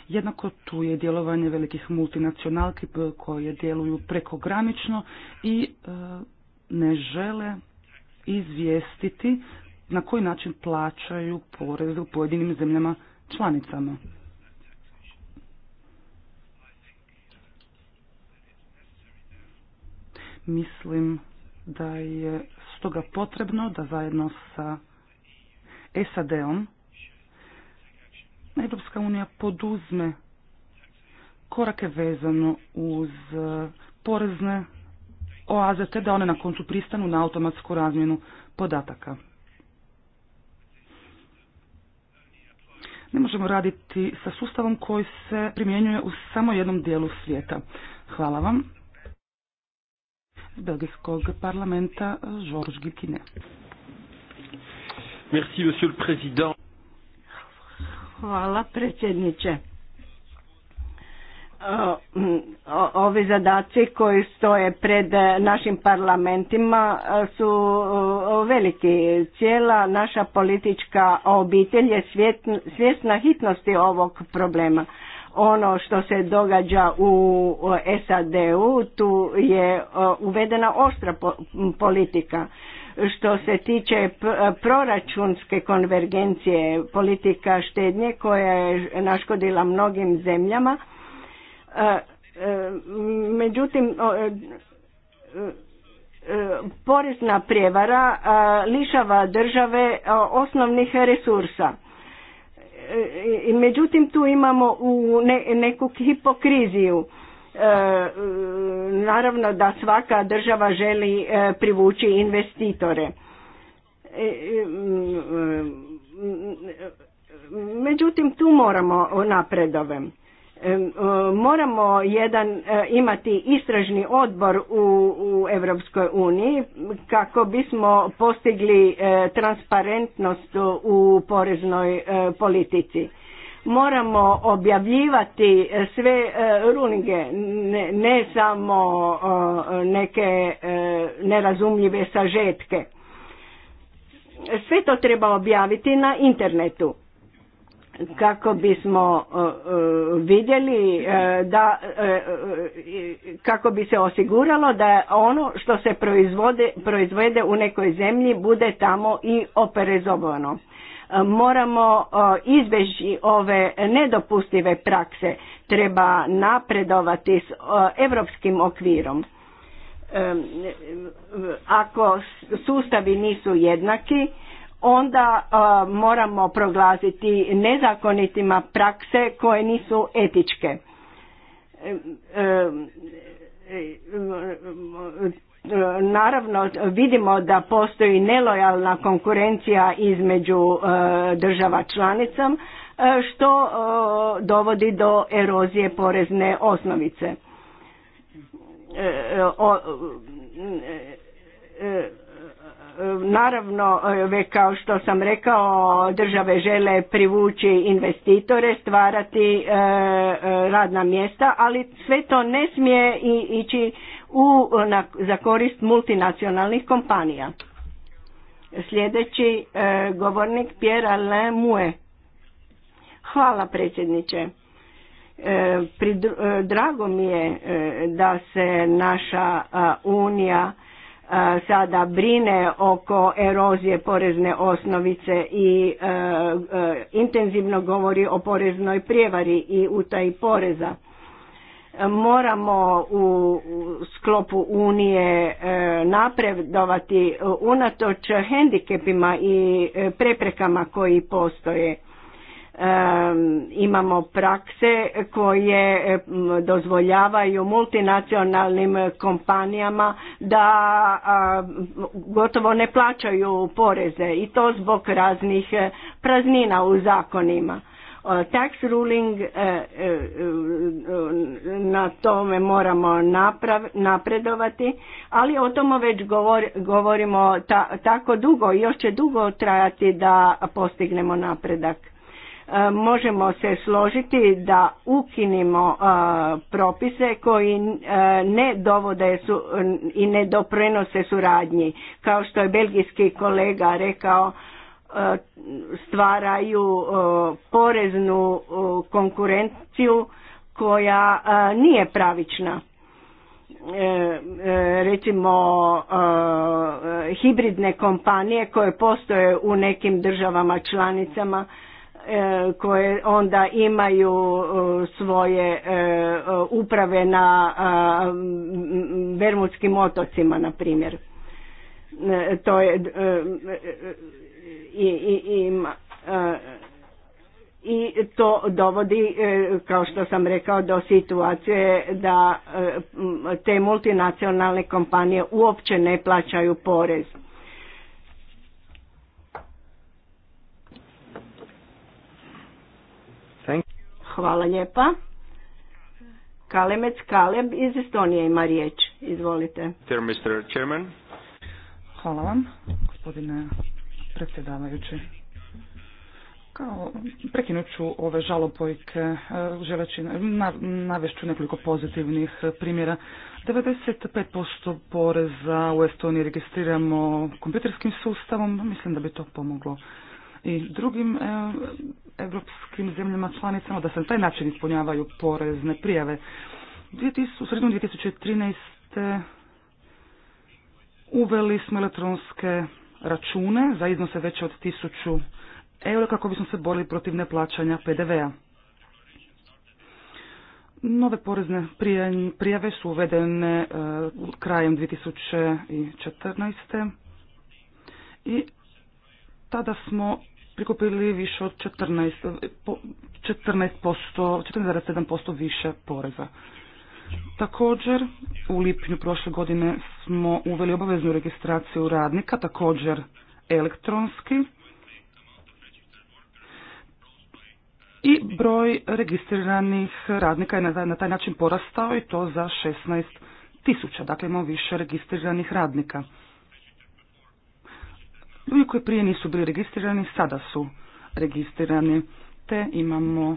Jednako tu je djelovanje velikih multinacionalki koje djeluju prekogranično i e, ne žele izvijestiti na koji način plaćaju porez u pojedinim zemljama članicama. Mislim da je stoga potrebno da zajedno sa SAD-om Europska unija poduzme korake vezano uz e, porezne oaze te da one na koncu pristanu na automatsku razmjenu podataka. ne možemo raditi sa sustavom koji se primjenjuje u samo jednom dijelu svijeta. Hvala vam. Belgijskog parlamenta, Georges Gikine. Merci, monsieur le président.
Hvala predsjedniče ovi zadaci koji stoje pred e, našim parlamentima e, su e, veliki. Cijela naša politička obitelj je svjesna hitnosti ovog problema. Ono što se događa u SAD-u, tu je uvedena ostra politika. Što se tiče proračunske konvergencije politika štednje koja je naškodila mnogim zemljama, E, e, međutim, e, porezna prijevara lišava države osnovnih resursa. Međutim, tu imamo u neku hipokriziju. Naravno da svaka država želi privući investitore. Međutim, tu moramo napredovem. E, moramo jedan e, imati istražni odbor u, u Europskoj uniji kako bismo postigli e, transparentnost u poreznoj politici. Moramo objavljivati sve rulinge, ne, ne samo neke nerazumljive sažetke. Sve to treba objaviti na internetu kako bismo e, e, vidjeli e, da kako bi se osiguralo da ono što se proizvode, proizvede u nekoj zemlji bude tamo i operezovano. Moramo izbjeći ove nedopustive prakse, treba napredovati s europskim okvirom. Ako sustavi nisu jednaki, onda moramo proglasiti nezakonitima prakse koje nisu etičke. E, e, e, naravno vidimo da postoji nelojalna konkurencija između država članica što dovodi do erozije porezne osnovice. Naravno, eh, kao što sam rekao, države žele privući investitore, stvarati eh, eh, radna mjesta, ali sve to ne smije ići u, na, za korist multinacionalnih kompanija. Sljedeći govornik Pierre Alain Mue. Hvala predsjedniče. Drago mi je da se naša unija sada brine oko erozije porezne osnovice i e, e, intenzivno govori o poreznoj prijevari i utaji poreza. Moramo u sklopu Unije e, napredovati unatoč hendikepima i preprekama koji postoje imamo prakse koje dozvoljavaju multinacionalnim kompanijama da gotovo ne plaćaju poreze i to zbog raznih eh, praznina u zakonima. Tax ruling eh, eh, na tome moramo napredovati, ali o tome već govorimo tako dugo i još će dugo trajati da postignemo napredak E, možemo se složiti da ukinimo e, propise koji e, ne dovode su, i ne doprinose suradnji. Kao što je belgijski kolega rekao, stvaraju poreznu konkurenciju koja nije pravična. Recimo hibridne kompanije koje postoje u nekim državama članicama E, koje onda imaju e, svoje e, uprave na Bermudskim otocima, na primjer. To je i, i, i to dovodi, kao što sam rekao, do situacije da te multinacionalne kompanije uopće ne plaćaju porez Hvala lijepa. Kalemec Kaleb iz Estonije ima riječ. Izvolite.
Mr. Chairman.
Hvala vam, gospodine predsjedavajući.
Kao,
prekinut ću ove žalopojke, e, želeći, navešću nekoliko pozitivnih primjera. 95% poreza u Estoniji registriramo kompjuterskim sustavom, mislim da bi to pomoglo i drugim e, evropskim zemljama članicama, da se na taj način ispunjavaju porezne prijave. U sredinu 2013. uveli smo elektronske račune za iznose veće od 1000 eura kako bismo se borili protiv neplaćanja PDV-a. Nove porezne prijave su uvedene e, krajem 2014. i tada smo prikupili više od 14, 14,7% više poreza. Također, u lipnju prošle godine smo uveli obaveznu registraciju radnika, također elektronski, i broj registriranih radnika je na taj način porastao i to za 16 tisuća, dakle imamo više registriranih radnika. Ljudi koji prije nisu bili registrirani, sada su registrirani, te imamo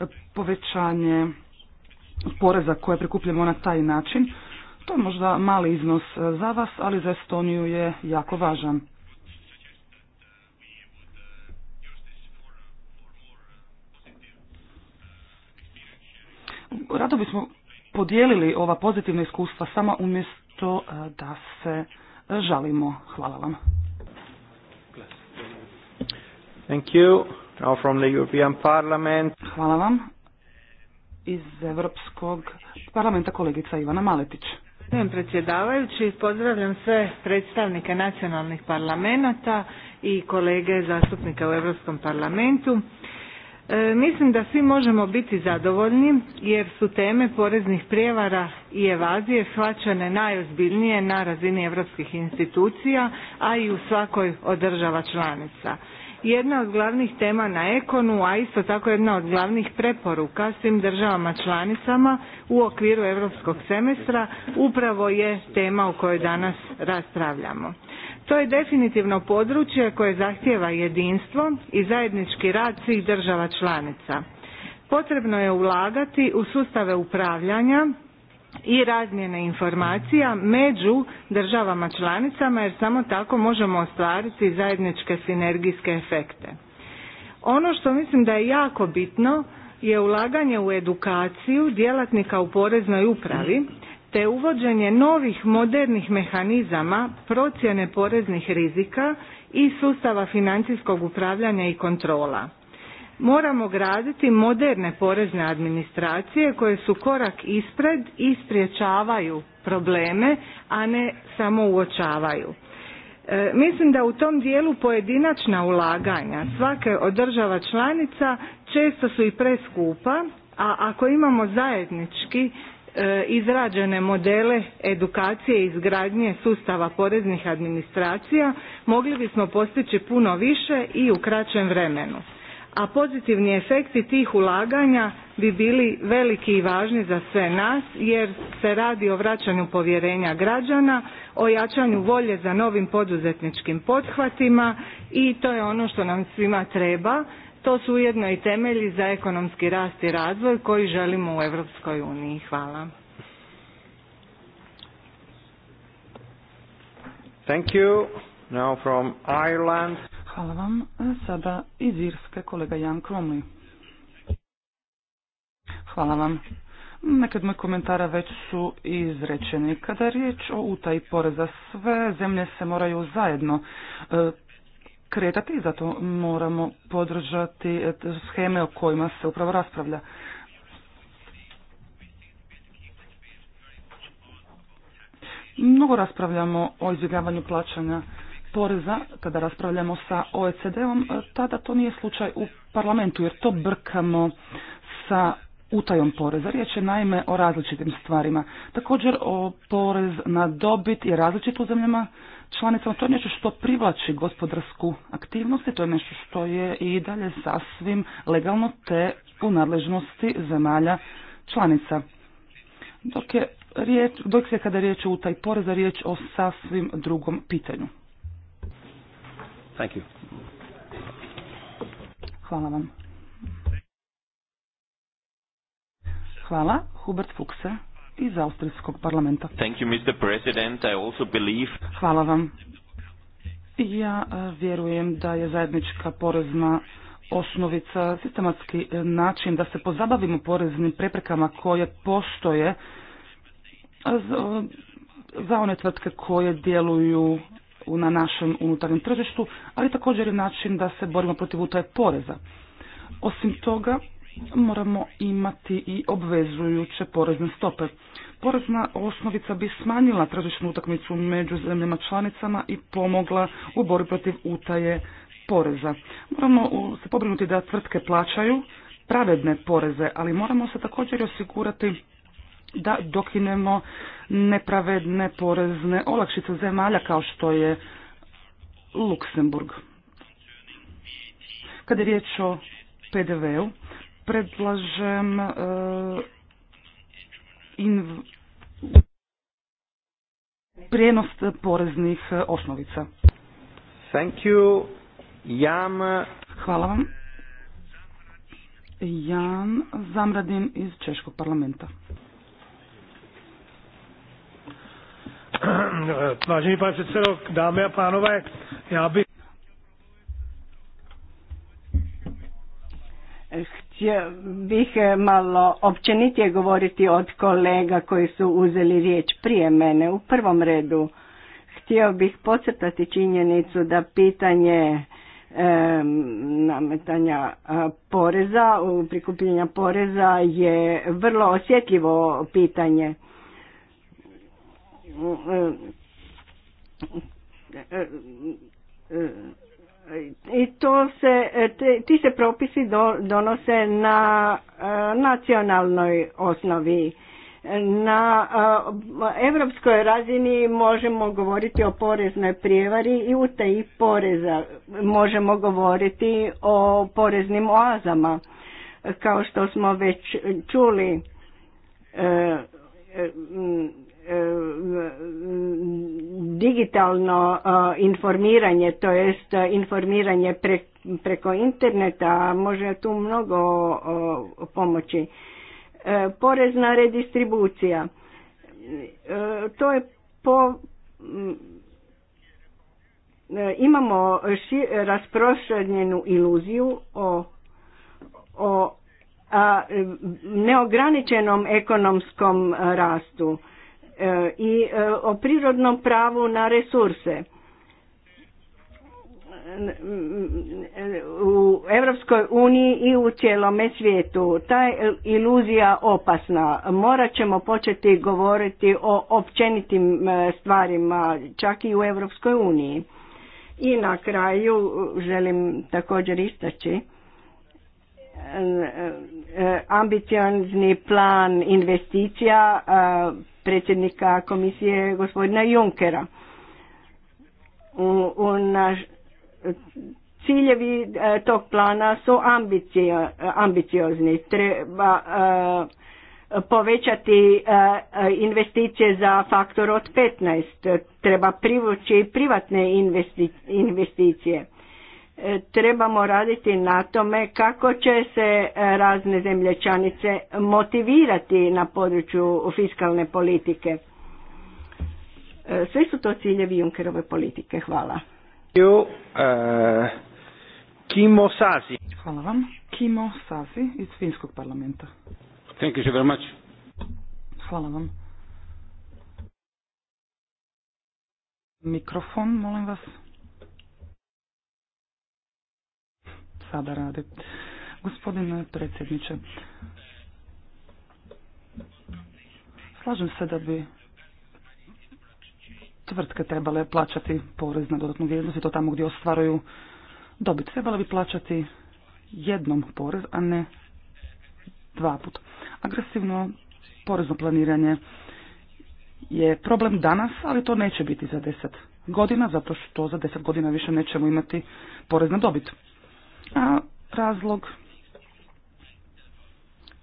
e, povećanje poreza koje prikupljamo na taj način. To je možda mali iznos e, za vas, ali za Estoniju je jako važan. Rado bismo podijelili ova pozitivna iskustva samo umjesto e, da se žalimo. Hvala vam. Thank you. Now from the European Parliament. Hvala vam. Iz Europskog parlamenta kolegica Ivana Maletić.
predsjedavajući, pozdravljam sve predstavnike nacionalnih parlamenta i kolege zastupnika u Europskom parlamentu. E, mislim da svi možemo biti zadovoljni jer su teme poreznih prijevara i evazije shvaćene najozbiljnije na razini europskih institucija, a i u svakoj od država članica jedna od glavnih tema na Ekonu, a isto tako jedna od glavnih preporuka svim državama članicama u okviru europskog semestra upravo je tema o kojoj danas raspravljamo. To je definitivno područje koje zahtjeva jedinstvo i zajednički rad svih država članica. Potrebno je ulagati u sustave upravljanja i razmjene informacija među državama članicama jer samo tako možemo ostvariti zajedničke sinergijske efekte. Ono što mislim da je jako bitno je ulaganje u edukaciju djelatnika u poreznoj upravi te uvođenje novih modernih mehanizama procjene poreznih rizika i sustava financijskog upravljanja i kontrola moramo graditi moderne porezne administracije koje su korak ispred i sprječavaju probleme, a ne samo uočavaju. E, mislim da u tom dijelu pojedinačna ulaganja svake od država članica često su i preskupa, a ako imamo zajednički e, izrađene modele edukacije i izgradnje sustava poreznih administracija mogli bismo postići puno više i u kraćem vremenu a pozitivni efekti tih ulaganja bi bili veliki i važni za sve nas jer se radi o vraćanju povjerenja građana, o jačanju volje za novim poduzetničkim pothvatima i to je ono što nam svima treba. To su ujedno i temelji za ekonomski rast i razvoj koji želimo u Europskoj uniji. Hvala. Thank you. Now from Ireland.
Hvala vam. Sada iz Irske kolega Jan Kromli. Hvala vam. Nekad moj komentara već su izrečeni. Kada je riječ o utaji poreza, sve zemlje se moraju zajedno e, kretati i zato moramo podržati e, scheme o kojima se upravo raspravlja. Mnogo raspravljamo o izbjegavanju plaćanja poreza, kada raspravljamo sa OECD-om, e, tada to nije slučaj u parlamentu, jer to brkamo sa utajom poreza. Riječ je naime o različitim stvarima. Također o porez na dobit je različit u zemljama članicama. To je nešto što privlači gospodarsku aktivnost i to je nešto što je i dalje sasvim legalno te u nadležnosti zemalja članica. Dok je riječ, dok se kada riječ o utaj poreza, riječ o sasvim drugom pitanju. Thank Hvala vam. Hvala. Hubert Fukse iz Austrijskog parlamenta.
Thank you, Mr. President. I also believe...
Hvala vam. Ja e, vjerujem da je zajednička porezna osnovica sistematski e, način da se pozabavimo poreznim preprekama koje postoje e, za one tvrtke koje djeluju na našem unutarnjem tržištu, ali također je način da se borimo protiv utaje poreza. Osim toga, moramo imati i obvezujuće porezne stope. Porezna osnovica bi smanjila tržišnu utakmicu među zemljama članicama i pomogla u borbi protiv utaje poreza. Moramo se pobrinuti da tvrtke plaćaju pravedne poreze, ali moramo se također osigurati da dokinemo nepravedne porezne olakšice zemalja kao što je Luksemburg. Kada je riječ o PDV-u, predlažem e, prijenost poreznih osnovica. Hvala vam. Jan Zamradin iz Češkog parlamenta.
Eh, vážený pane předsedo, dámy a pánové, já bych...
Htio bih eh, malo općenitije govoriti od kolega koji su uzeli riječ prije mene. U prvom redu htio bih podcrtati činjenicu da pitanje nametanja eh, poreza, prikupljanja poreza je vrlo osjetljivo pitanje i to se, ti se propisi donose na e, nacionalnoj osnovi. Na e, evropskoj razini možemo govoriti o poreznoj prijevari i i poreza. Možemo govoriti o poreznim oazama. Kao što smo već čuli, e, digitalno e, informiranje, to jest e, informiranje preko interneta, može tu mnogo pomoći. E, porezna redistribucija, to je po... Imamo rasprošenjenu iluziju o, o a, neograničenom ekonomskom rastu i e, o prirodnom pravu na resurse. U Europskoj uniji i u cijelome svijetu ta je iluzija opasna. Morat ćemo početi govoriti o općenitim e, stvarima čak i u Europskoj uniji. I na kraju želim također istaći e, ambiciozni plan investicija predsjednika komisije gospodina Junkera. U, ciljevi e, tog plana su ambiciozni. Treba e, povećati e, investicije za faktor od 15. Treba privući privatne investicije E, trebamo raditi na tome kako će se e, razne zemlje motivirati na području fiskalne politike. E, sve su to ciljevi Junkerove politike. Hvala.
Kimo Sazi.
Hvala vam.
Kimo Sazi iz Finskog parlamenta.
Thank you
Hvala vam. Mikrofon, molim vas. sada radi. Gospodine predsjedniče, slažem se da bi tvrtke trebale plaćati porez na dodatnu vrijednost i to tamo gdje ostvaruju dobit. Trebale bi plaćati jednom porez, a ne dva puta. Agresivno porezno planiranje je problem danas, ali to neće biti za deset godina, zato što za deset godina više nećemo imati porez na dobit. A razlog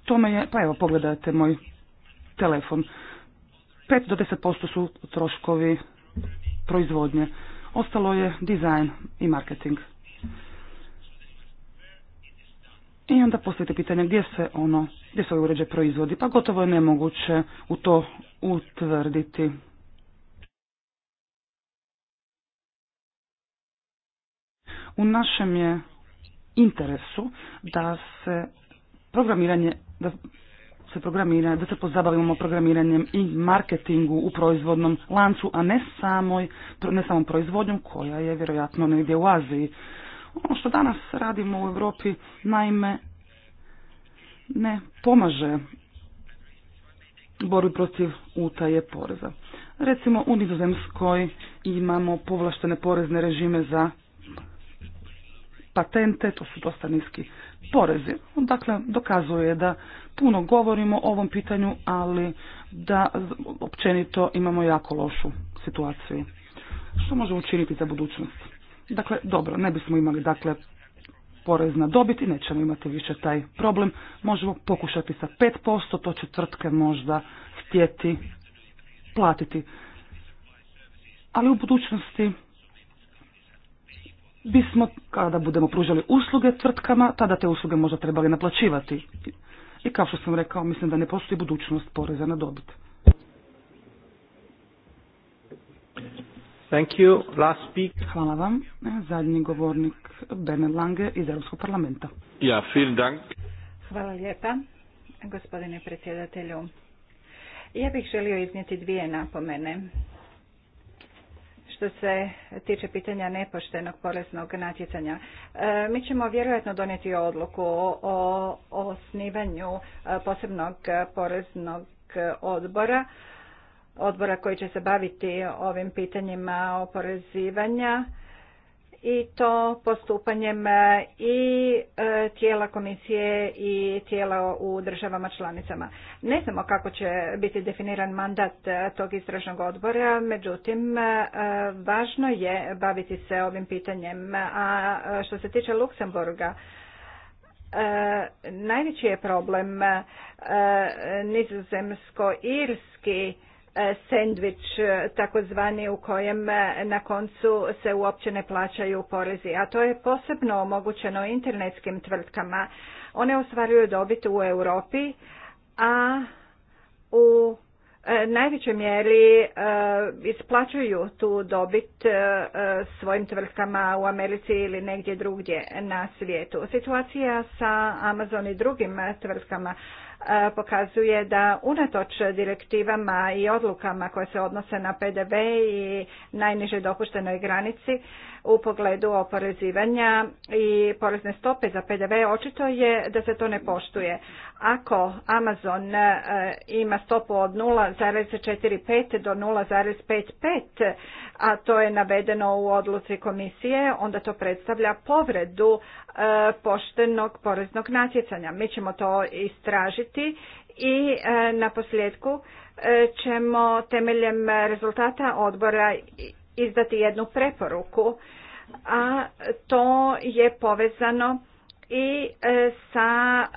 tome je, pa evo pogledajte moj telefon. 5 do 10% su troškovi proizvodnje. Ostalo je dizajn i marketing. I onda postavite pitanje gdje se ono, gdje se ovaj uređaj proizvodi, pa gotovo je nemoguće u to utvrditi. U našem je interesu da se programiranje, da se programira, da se pozabavimo programiranjem i marketingu u proizvodnom lancu, a ne samoj, ne samom proizvodnjom koja je vjerojatno negdje u Aziji. Ono što danas radimo u Europi naime ne pomaže borbi protiv utaje poreza. Recimo u Nizozemskoj imamo povlaštene porezne režime za patente, to su dosta niski porezi. Dakle, dokazuje da puno govorimo o ovom pitanju, ali da općenito imamo jako lošu situaciju. Što možemo učiniti za budućnost? Dakle, dobro, ne bismo imali dakle porez na dobit i nećemo imati više taj problem. Možemo pokušati sa 5%, to će tvrtke možda htjeti platiti. Ali u budućnosti bismo, kada budemo pružali usluge tvrtkama, tada te usluge možda trebali naplaćivati. I kao što sam rekao, mislim da ne postoji budućnost poreza na dobit.
Thank you. Last speak.
Hvala vam. E, zadnji govornik Bernard Lange iz Europskog parlamenta.
Ja, vielen dank.
Hvala lijepa, gospodine predsjedatelju. Ja bih želio iznijeti dvije napomene što se tiče pitanja nepoštenog poreznog natjecanja. E, mi ćemo vjerojatno donijeti odluku o osnivanju e, posebnog poreznog odbora, odbora koji će se baviti ovim pitanjima oporezivanja i to postupanjem e, i e, tijela komisije i tijela u državama članicama. Ne znamo kako će biti definiran mandat e, tog istražnog odbora, međutim važno je baviti se ovim pitanjem. A što se tiče Luksemburga, najveći je problem nizozemsko-irski E, sandwich e, takozvani u kojem e, na koncu se uopće ne plaćaju porezi. A to je posebno omogućeno internetskim tvrtkama. One ostvaruju dobit u Europi, a u najvećoj mjeri isplaćuju tu dobit svojim tvrtkama u Americi ili negdje drugdje na svijetu. Situacija sa Amazon i drugim tvrtkama pokazuje da unatoč direktivama i odlukama koje se odnose na PDV i najniže dopuštenoj granici u pogledu oporezivanja i porezne stope za PDV očito je da se to ne poštuje. Ako Amazon e, ima stopu od 0,45 do 0,55, a to je navedeno u odluci komisije, onda to predstavlja povredu e, poštenog poreznog natjecanja. Mi ćemo to istražiti i e, na posljedku ćemo temeljem rezultata odbora izdati jednu preporuku, a to je povezano i e, sa e,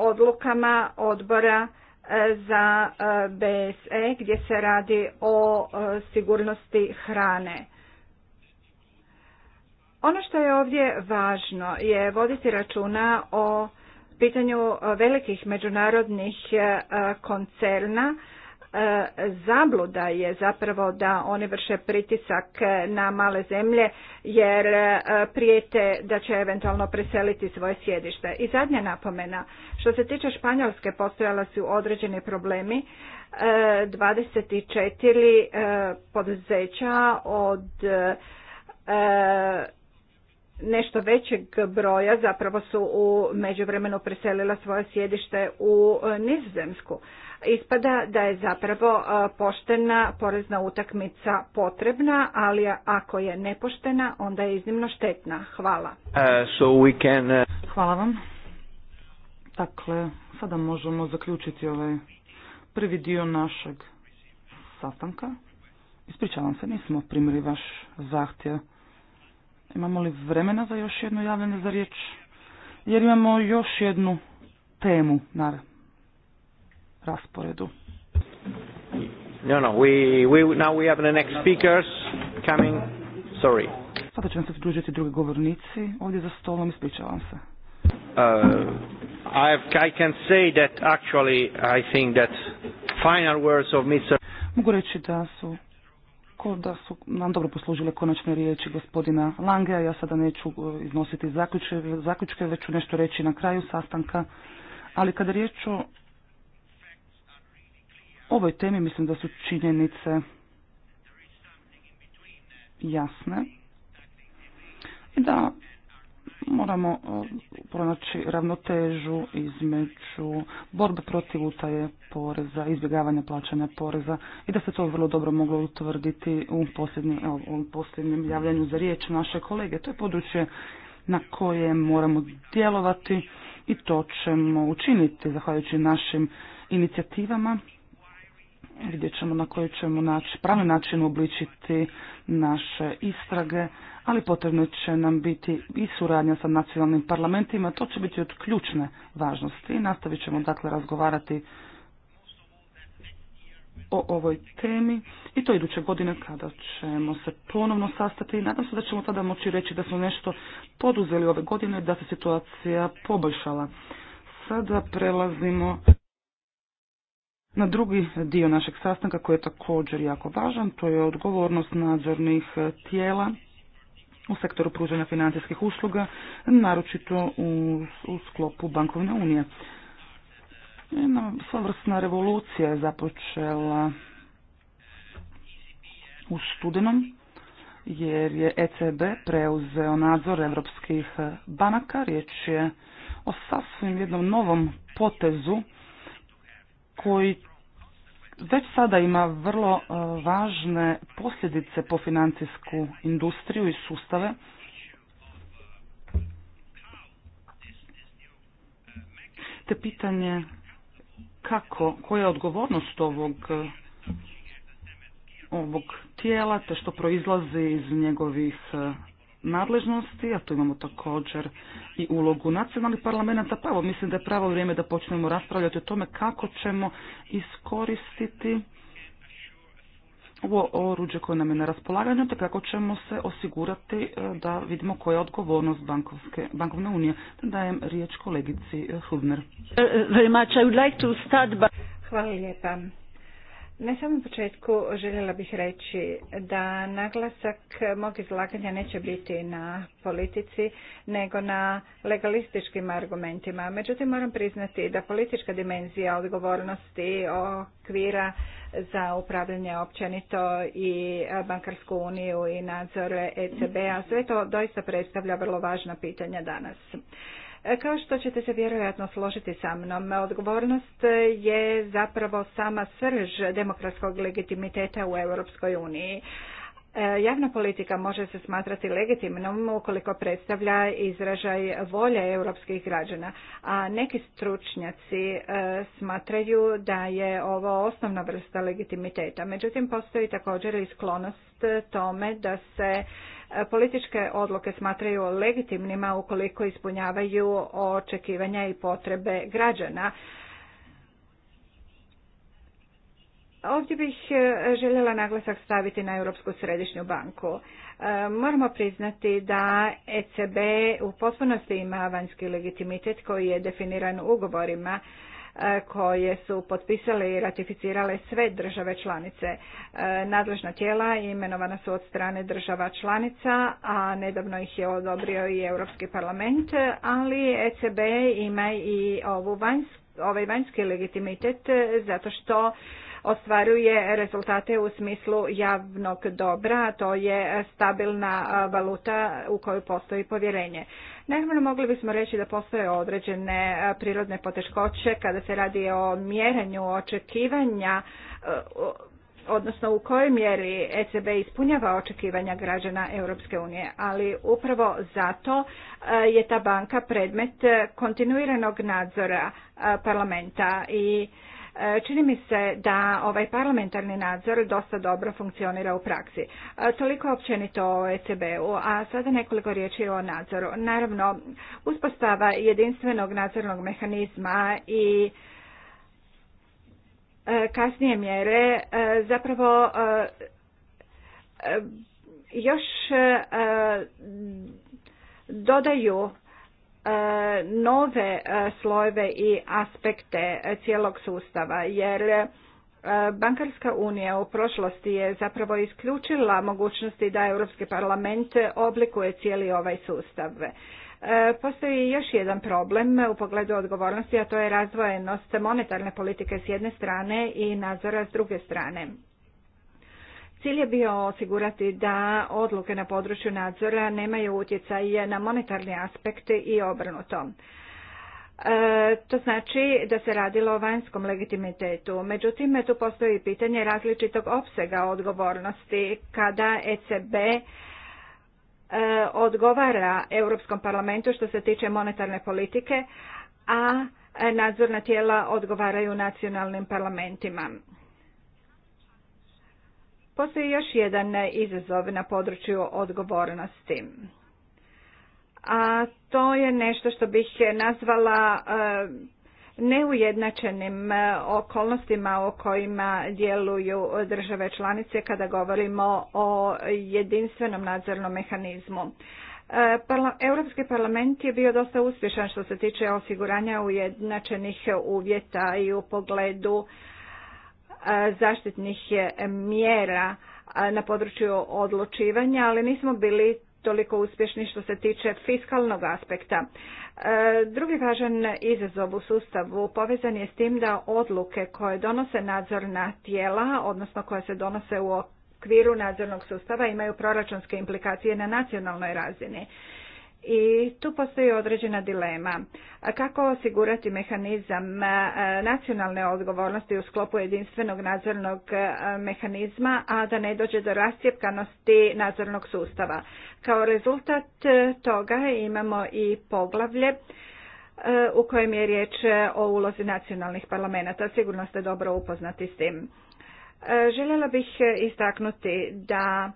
odlukama odbora e, za BSE gdje se radi o sigurnosti hrane. Ono što je ovdje važno je voditi računa o pitanju velikih međunarodnih koncerna E, zabluda je zapravo da oni vrše pritisak e, na male zemlje jer e, prijete da će eventualno preseliti svoje sjedište. I zadnja napomena, što se tiče Španjolske postojala su određeni problemi, 24 poduzeća od nešto većeg broja zapravo su u međuvremenu preselila svoje sjedište u Nizozemsku. Ispada da je zapravo e, poštena porezna utakmica potrebna, ali ako je nepoštena, onda je iznimno štetna. Hvala.
E, e, Hvala vam. Dakle, sada možemo zaključiti ovaj prvi dio našeg sastanka. Ispričavam se, nismo primili vaš zahtjev. Imamo li vremena za još jedno javljanje za riječ? Jer imamo još jednu temu, naravno
rasporedu. No, no, we, we, now we have the next speakers coming,
sorry.
Sada ćemo se pridružiti drugi govornici, ovdje za stolom, ispričavam se.
Uh, I, can say that actually I think that final words of Mr.
Mogu reći da su da su nam dobro poslužile konačne riječi gospodina a Ja sada neću uh, iznositi zaključke, zaključke već ću nešto reći na kraju sastanka. Ali kada riječ o ovoj temi mislim da su činjenice jasne i da moramo e, pronaći ravnotežu između borbe protiv utaje poreza, izbjegavanja plaćanja poreza i da se to vrlo dobro moglo utvrditi u posljednjem, javljanju za riječ naše kolege. To je područje na koje moramo djelovati i to ćemo učiniti zahvaljujući našim inicijativama gdje ćemo na koji ćemo naći pravi način obličiti naše istrage, ali potrebno će nam biti i suradnja sa nacionalnim parlamentima, to će biti od ključne važnosti nastavit ćemo dakle razgovarati o ovoj temi i to iduće godine kada ćemo se ponovno sastati i nadam se da ćemo tada moći reći da smo nešto poduzeli ove godine da se situacija poboljšala. Sada prelazimo na drugi dio našeg sastanka koji je također jako važan, to je odgovornost nadzornih e, tijela u sektoru pružanja financijskih usluga, naročito u, u sklopu bankovne unije. Jedna svavrsna revolucija je započela u studenom, jer je ECB preuzeo nadzor evropskih e, banaka. Riječ je o sasvim jednom novom potezu koji već sada ima vrlo e, važne posljedice po financijsku industriju i sustave. Te pitanje kako, koja je odgovornost ovog ovog tijela, te što proizlazi iz njegovih e, nadležnosti, a tu imamo također i ulogu nacionalnih parlamenta, pa evo mislim da je pravo vrijeme da počnemo raspravljati o tome kako ćemo iskoristiti ovo oruđe koje nam je na raspolaganju, te kako ćemo se osigurati e, da vidimo koja je odgovornost bankovske, bankovne unije. Dajem riječ kolegici e, Hubner.
E, Hvala lijepa. Na samom početku željela bih reći da naglasak mog izlaganja neće biti na politici, nego na legalističkim argumentima. Međutim, moram priznati da politička dimenzija odgovornosti okvira za upravljanje općenito i bankarsku uniju i nadzor ECB-a, sve to doista predstavlja vrlo važna pitanja danas. E, kao što ćete se vjerojatno složiti sa mnom, odgovornost je zapravo sama srž demokratskog legitimiteta u Europskoj uniji. E, javna politika može se smatrati legitimnom ukoliko predstavlja izražaj volje europskih građana, a neki stručnjaci e, smatraju da je ovo osnovna vrsta legitimiteta. Međutim, postoji također i sklonost tome da se političke odluke smatraju legitimnima ukoliko ispunjavaju očekivanja i potrebe građana. Ovdje bih e, željela naglasak staviti na Europsku središnju banku. E, moramo priznati da ECB u potpunosti ima vanjski legitimitet koji je definiran ugovorima koje su potpisale i ratificirale sve države članice. E, nadležna tijela imenovana su od strane država članica, a nedavno ih je odobrio i Europski parlament, ali ECB ima i ovu ovaj vanjski legitimitet zato što ostvaruje rezultate u smislu javnog dobra, to je stabilna valuta u kojoj postoji povjerenje. Najmano mogli bismo reći da postoje određene prirodne poteškoće kada se radi o mjerenju očekivanja odnosno u kojoj mjeri ECB ispunjava očekivanja građana Europske unije, ali upravo zato je ta banka predmet kontinuiranog nadzora parlamenta i E, čini mi se da ovaj parlamentarni nadzor dosta dobro funkcionira u praksi. E, toliko općenito o ECB-u, a sada nekoliko riječi o nadzoru. Naravno, uspostava jedinstvenog nadzornog mehanizma i e, kasnije mjere zapravo još dodaju E, nove e, slojeve i aspekte e, cijelog sustava, jer Bankarska unija u prošlosti je zapravo isključila mogućnosti da Europski parlament oblikuje cijeli ovaj sustav. Postoji još jedan problem u pogledu odgovornosti, a to je razvojenost monetarne politike s jedne strane i nadzora s druge strane. Cilj je bio osigurati da odluke na području nadzora nemaju utjecaj na monetarni aspekt i obrnuto. E, to znači da se radilo o vanjskom legitimitetu. Međutim, tu postoji pitanje različitog opsega odgovornosti kada ECB e, odgovara Europskom parlamentu što se tiče monetarne politike, a nadzorna tijela odgovaraju nacionalnim parlamentima. Postoji još jedan izazov na području odgovornosti. A to je nešto što bih nazvala e, neujednačenim e, okolnostima u kojima djeluju države članice kada govorimo o jedinstvenom nadzornom mehanizmu. E, Europski parlament je bio dosta uspješan što se tiče osiguranja ujednačenih uvjeta i u pogledu E, zaštitnih e, mjera e, na području odlučivanja, ali nismo bili toliko uspješni što se tiče fiskalnog aspekta. Drugi važan izazov u sustavu povezan je s tim da odluke koje donose nadzorna tijela, odnosno koje se donose u okviru nadzornog sustava, imaju proračunske implikacije na nacionalnoj razini i tu postoji određena dilema. Kako osigurati mehanizam e, nacionalne odgovornosti u sklopu jedinstvenog nadzornog e, mehanizma, a da ne dođe do rasjepkanosti nadzornog sustava? Kao rezultat e, toga imamo i poglavlje u kojem je riječ o ulozi nacionalnih parlamenta. Sigurno ste dobro upoznati s tim. Željela bih istaknuti da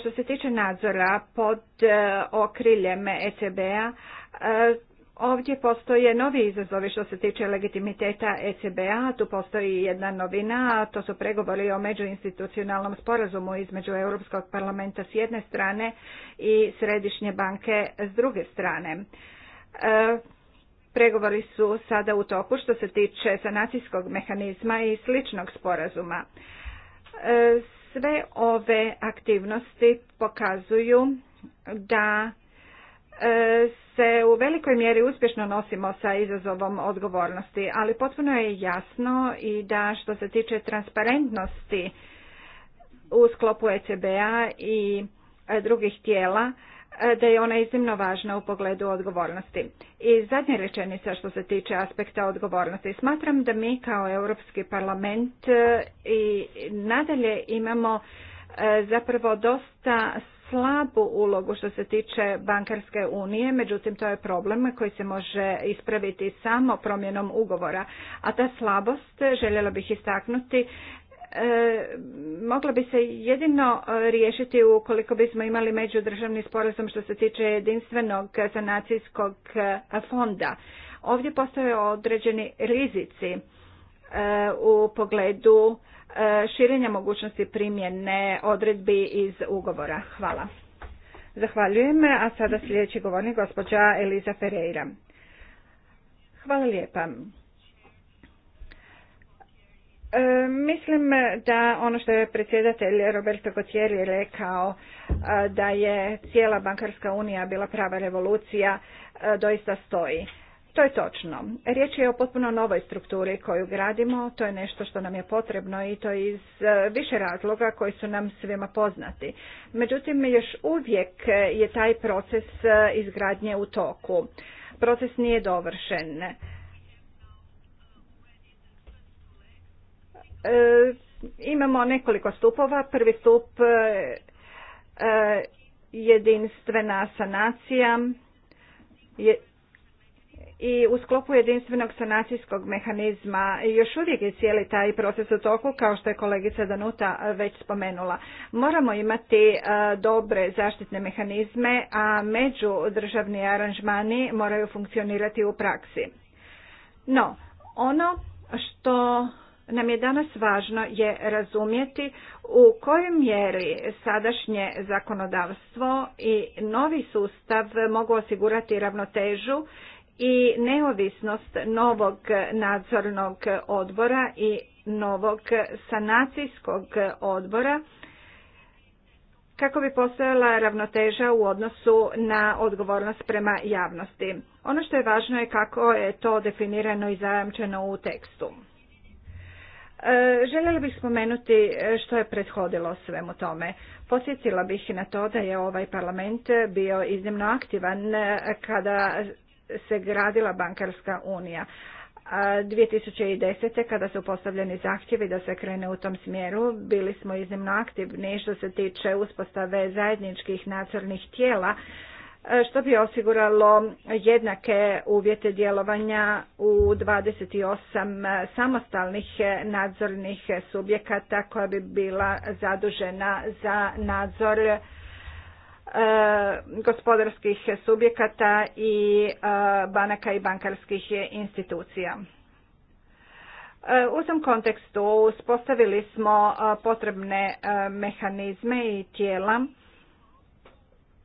što se tiče nadzora pod e, okriljem ECB-a, e, Ovdje postoje novi izazovi što se tiče legitimiteta ECB-a, tu postoji jedna novina, a to su pregovori o međuinstitucionalnom sporazumu između Europskog parlamenta s jedne strane i Središnje banke s druge strane. E, pregovori su sada u toku što se tiče sanacijskog mehanizma i sličnog sporazuma. Sve ove aktivnosti pokazuju da e, se u velikoj mjeri uspješno nosimo sa izazovom odgovornosti, ali potpuno je jasno i da što se tiče transparentnosti u sklopu ECB-a i drugih tijela, E, da je ona iznimno važna u pogledu odgovornosti. I zadnja rečenica što se tiče aspekta odgovornosti. Smatram da mi kao Europski parlament e, i nadalje imamo e, zapravo dosta slabu ulogu što se tiče bankarske unije, međutim to je problem koji se može ispraviti samo promjenom ugovora. A ta slabost, željela bih istaknuti, E, mogla bi se jedino e, riješiti ukoliko bismo imali međudržavni sporazum što se tiče jedinstvenog sanacijskog e, fonda. Ovdje postoje određeni rizici u pogledu širenja mogućnosti primjene odredbi iz ugovora. Hvala. Zahvaljujem, a sada sljedeći govornik gospođa Eliza Ferreira. Hvala lijepa. E, mislim da ono što je predsjedatelj Roberto Gotieri rekao e, da je cijela bankarska unija bila prava revolucija e, doista stoji. To je točno. Riječ je o potpuno novoj strukturi koju gradimo, to je nešto što nam je potrebno i to iz više razloga koji su nam svima poznati. Međutim, još uvijek je taj proces izgradnje u toku. Proces nije dovršen E, imamo nekoliko stupova. Prvi stup e, e, jedinstvena sanacija i u sklopu jedinstvenog sanacijskog mehanizma još uvijek je cijeli taj proces u toku, kao što je kolegica Danuta već spomenula. Moramo imati dobre zaštitne mehanizme, a međudržavni aranžmani moraju funkcionirati u praksi. No, ono što nam je danas važno je razumjeti u kojoj mjeri sadašnje zakonodavstvo i novi sustav mogu osigurati ravnotežu i neovisnost novog nadzornog odbora i novog sanacijskog odbora kako bi postojala ravnoteža u odnosu na odgovornost prema javnosti. Ono što je važno je kako je to definirano i zajamčeno u tekstu. E, željela bih spomenuti e, što je prethodilo svemu tome. Podsjetila bih na to da je ovaj parlament bio iznimno aktivan e, kada se gradila bankarska unija. 2010. kada su postavljeni zahtjevi da se krene u tom smjeru, bili smo iznimno aktivni što se tiče uspostave zajedničkih nadzornih tijela E, što bi osiguralo jednake uvjete djelovanja u 28 samostalnih nadzornih subjekata koja bi bila zadužena za nadzor e, gospodarskih subjekata i e, banaka i bankarskih institucija. U tom kontekstu uspostavili smo potrebne mehanizme i tijela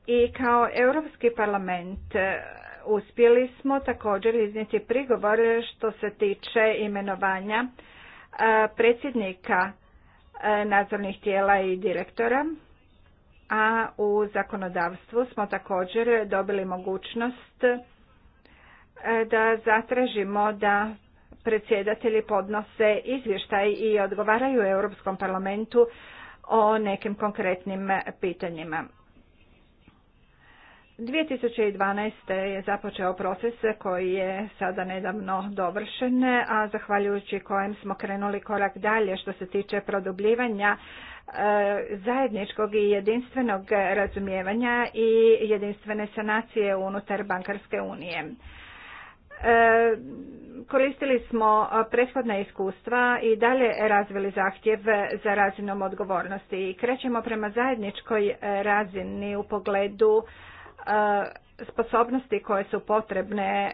i kao Europski parlament e, uspjeli smo također iznijeti prigovor što se tiče imenovanja e, predsjednika e, nadzornih tijela i direktora, a u zakonodavstvu smo također dobili mogućnost da zatražimo da predsjedatelji podnose izvještaj i odgovaraju Europskom parlamentu o nekim konkretnim pitanjima. 2012. je započeo proces koji je sada nedavno dovršen, a zahvaljujući kojem smo krenuli korak dalje što se tiče produbljivanja e, zajedničkog i jedinstvenog razumijevanja i jedinstvene sanacije unutar bankarske unije. E, koristili smo prethodna iskustva i dalje razvili zahtjev za razinom odgovornosti i krećemo prema zajedničkoj razini u pogledu E, sposobnosti koje su potrebne e,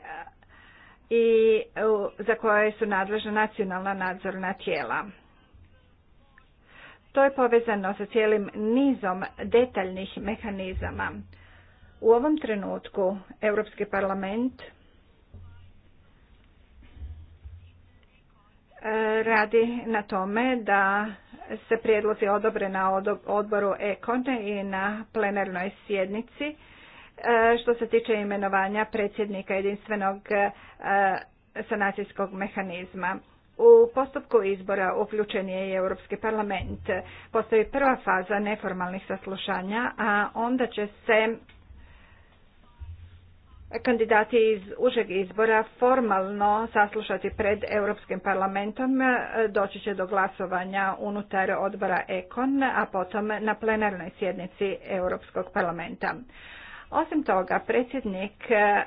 i e, za koje su nadležna nacionalna nadzorna tijela. To je povezano sa cijelim nizom detaljnih mehanizama. U ovom trenutku Europski parlament radi na tome da se prijedlozi odobre na odboru EKON-e i na plenarnoj sjednici E, što se tiče imenovanja predsjednika jedinstvenog e, sanacijskog mehanizma. U postupku izbora uključen je i Europski parlament. Postoji prva faza neformalnih saslušanja, a onda će se kandidati iz užeg izbora formalno saslušati pred Europskim parlamentom, e, doći će do glasovanja unutar odbora EKON, a potom na plenarnoj sjednici Europskog parlamenta. Osim toga, predsjednik e,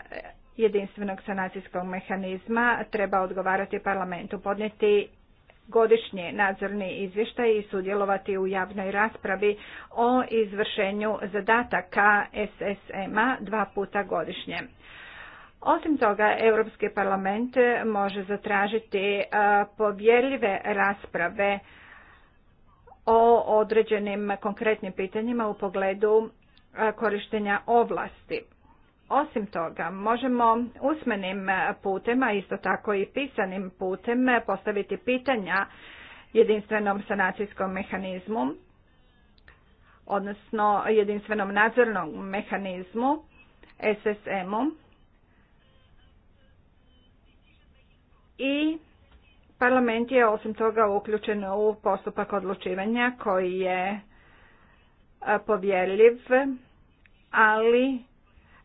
jedinstvenog sanacijskog mehanizma treba odgovarati parlamentu, podnijeti godišnji nadzorni izvještaj i sudjelovati u javnoj raspravi o izvršenju zadataka SSM-a dva puta godišnje. Osim toga, Europski parlament može zatražiti e, povjerljive rasprave o određenim konkretnim pitanjima u pogledu E, korištenja ovlasti. Osim toga, možemo usmenim e, putem, a isto tako i pisanim putem, e, postaviti pitanja jedinstvenom sanacijskom mehanizmu, odnosno jedinstvenom nadzornom mehanizmu, SSM-u, i parlament je osim toga uključen u postupak odlučivanja koji je povjerljiv ali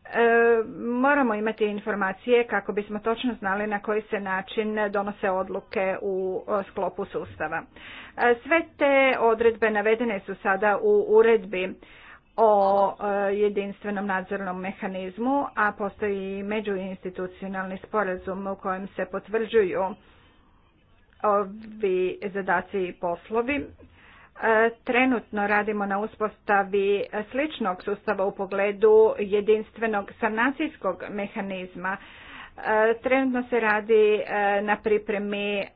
e, moramo imati informacije kako bismo točno znali na koji se način donose odluke u sklopu sustava. E, sve te odredbe navedene su sada u uredbi o e, jedinstvenom nadzornom mehanizmu, a postoji i međuinstitucionalni sporazum u kojem se potvrđuju ovi zadaci i poslovi. E, trenutno radimo na uspostavi sličnog sustava u pogledu jedinstvenog sanacijskog mehanizma. E, trenutno se radi e, na pripremi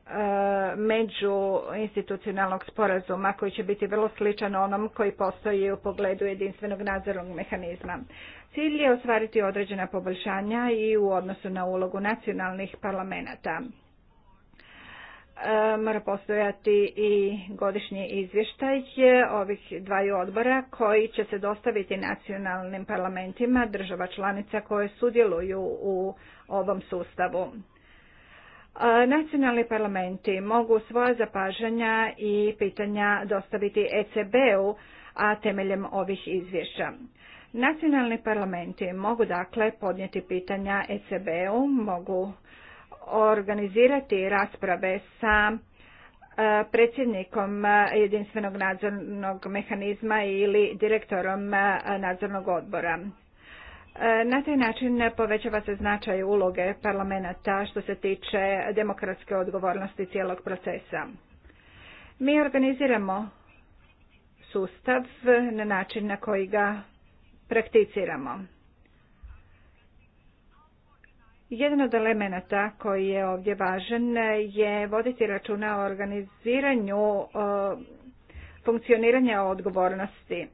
među institucionalnog sporazuma koji će biti vrlo sličan onom koji postoji u pogledu jedinstvenog nadzornog mehanizma. Cilj je ostvariti određena poboljšanja i u odnosu na ulogu nacionalnih parlamenta. E, mora postojati i godišnji izvještaj ovih dvaju odbora koji će se dostaviti nacionalnim parlamentima država članica koje sudjeluju u ovom sustavu. E, nacionalni parlamenti mogu svoja zapažanja i pitanja dostaviti ECB-u, a temeljem ovih izvješća. Nacionalni parlamenti mogu dakle podnijeti pitanja ECB-u, mogu organizirati rasprave sa e, predsjednikom e, jedinstvenog nadzornog mehanizma ili direktorom e, nadzornog odbora. Na taj način povećava se značaj uloge parlamenta što se tiče demokratske odgovornosti cijelog procesa. Mi organiziramo sustav na način na koji ga prakticiramo. Jedan od elemenata koji je ovdje važan je voditi računa o organiziranju funkcioniranja odgovornosti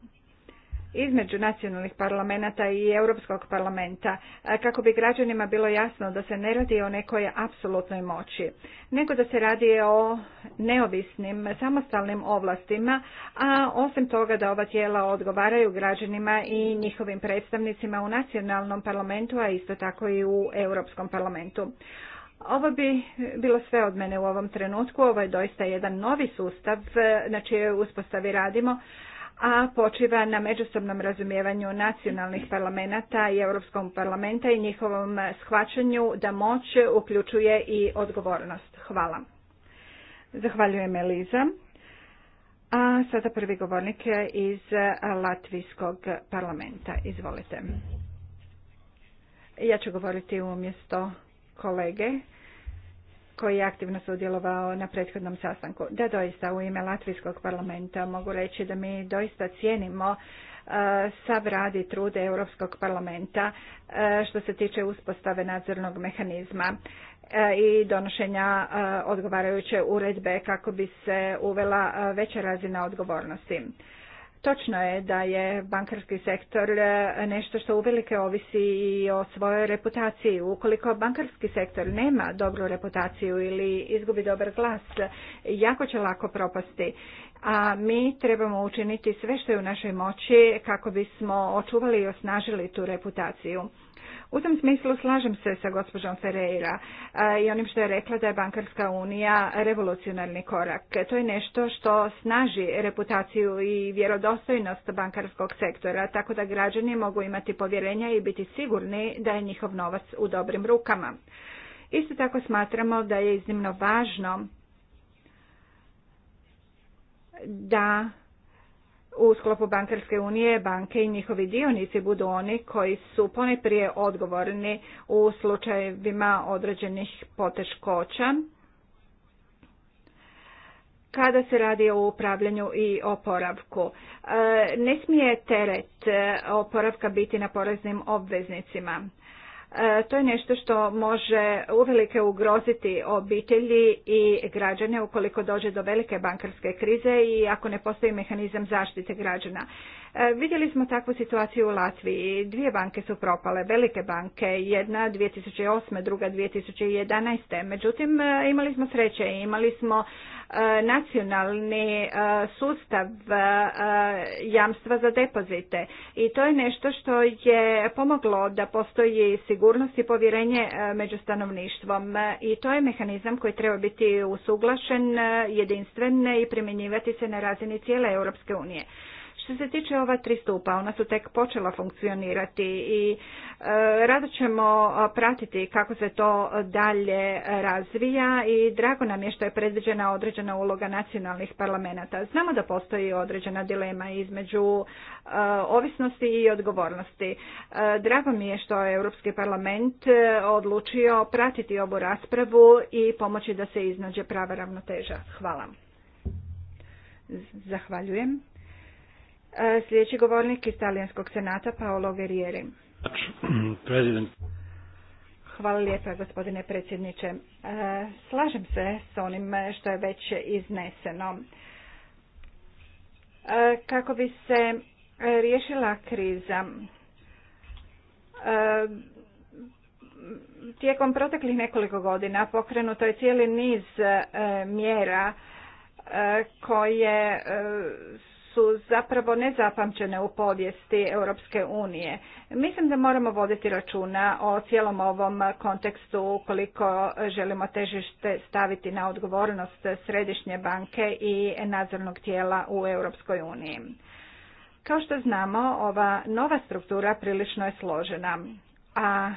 između nacionalnih parlamenta i Europskog parlamenta e, kako bi građanima bilo jasno da se ne radi o nekoj apsolutnoj moći, nego da se radi o neovisnim, samostalnim ovlastima, a osim toga da ova tijela odgovaraju građanima i njihovim predstavnicima u nacionalnom parlamentu, a isto tako i u Europskom parlamentu. Ovo bi bilo sve od mene u ovom trenutku. Ovo je doista jedan novi sustav e, na čijoj uspostavi radimo a počiva na međusobnom razumijevanju nacionalnih parlamenta i Europskom parlamenta i njihovom shvaćanju da moć uključuje i odgovornost. Hvala. Zahvaljujem Eliza. A sada prvi govornik iz Latvijskog parlamenta. Izvolite. Ja ću govoriti umjesto kolege koji je aktivno sudjelovao na prethodnom sastanku. Da, doista, u ime Latvijskog parlamenta mogu reći da mi doista cijenimo e, sav radi i trude Europskog parlamenta e, što se tiče uspostave nadzornog mehanizma e, i donošenja odgovarajuće uredbe kako bi se uvela veća razina odgovornosti. Točno je da je bankarski sektor e, nešto što uvelike ovisi i o svojoj reputaciji. Ukoliko bankarski sektor nema dobru reputaciju ili izgubi dobar glas, jako će lako propasti. A mi trebamo učiniti sve što je u našoj moći kako bismo očuvali i osnažili tu reputaciju. U tom smislu slažem se sa gospođom Ferreira e, i onim što je rekla da je bankarska unija revolucionarni korak. To je nešto što snaži reputaciju i vjerodostojnost bankarskog sektora, tako da građani mogu imati povjerenja i biti sigurni da je njihov novac u dobrim rukama. Isto tako smatramo da je iznimno važno da u sklopu bankarske unije banke i njihovi dionici budu oni koji su poneprije odgovorni u slučajevima određenih poteškoća kada se radi o upravljanju i oporavku. E, ne smije teret oporavka biti na poreznim obveznicima. E, to je nešto što može uvelike ugroziti obitelji i građane ukoliko dođe do velike bankarske krize i ako ne postoji mehanizam zaštite građana. E, vidjeli smo takvu situaciju u Latviji. Dvije banke su propale, velike banke, jedna 2008. druga 2011. Međutim, e, imali smo sreće, imali smo E, nacionalni e, sustav e, jamstva za depozite i to je nešto što je pomoglo da postoji sigurnost i povjerenje među stanovništvom i to je mehanizam koji treba biti usuglašen, jedinstven i primjenjivati se na razini cijele Europske unije. Što se tiče ova tri stupa, ona su tek počela funkcionirati i e, rado ćemo pratiti kako se to dalje razvija i drago nam je što je predviđena određena uloga nacionalnih parlamenta. Znamo da postoji određena dilema između e, ovisnosti i odgovornosti. E, drago mi je što je Europski parlament odlučio pratiti ovu raspravu i pomoći da se iznađe prava ravnoteža. Hvala. Zahvaljujem. E, sljedeći govornik iz Talijanskog senata, Paolo Guerrieri. President. Hvala lijepa gospodine predsjedniče. E, slažem se s onim što je već izneseno. E, kako bi se riješila kriza, tijekom proteklih nekoliko godina pokrenuto je cijeli niz mjera koje su zapravo nezapamćene u povijesti Europske unije. Mislim da moramo voditi računa o cijelom ovom kontekstu ukoliko želimo težište staviti na odgovornost Središnje banke i nadzornog tijela u Europskoj uniji. Kao što znamo, ova nova struktura prilično je složena, a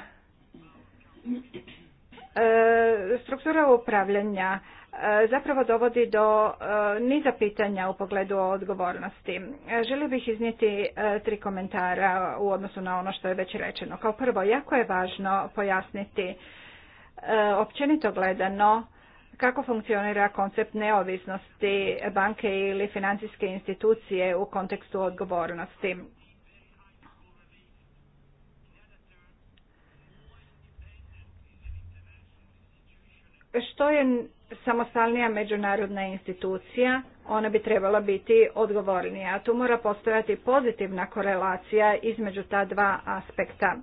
e, struktura upravljanja E, zapravo dovodi do e, niza pitanja u pogledu odgovornosti. E, želio bih iznijeti tri komentara u odnosu na ono što je već rečeno. Kao prvo, jako je važno pojasniti općenito gledano kako funkcionira koncept neovisnosti banke ili financijske institucije u kontekstu odgovornosti. Što je samostalnija međunarodna institucija, ona bi trebala biti odgovornija. A tu mora postojati pozitivna korelacija između ta dva aspekta.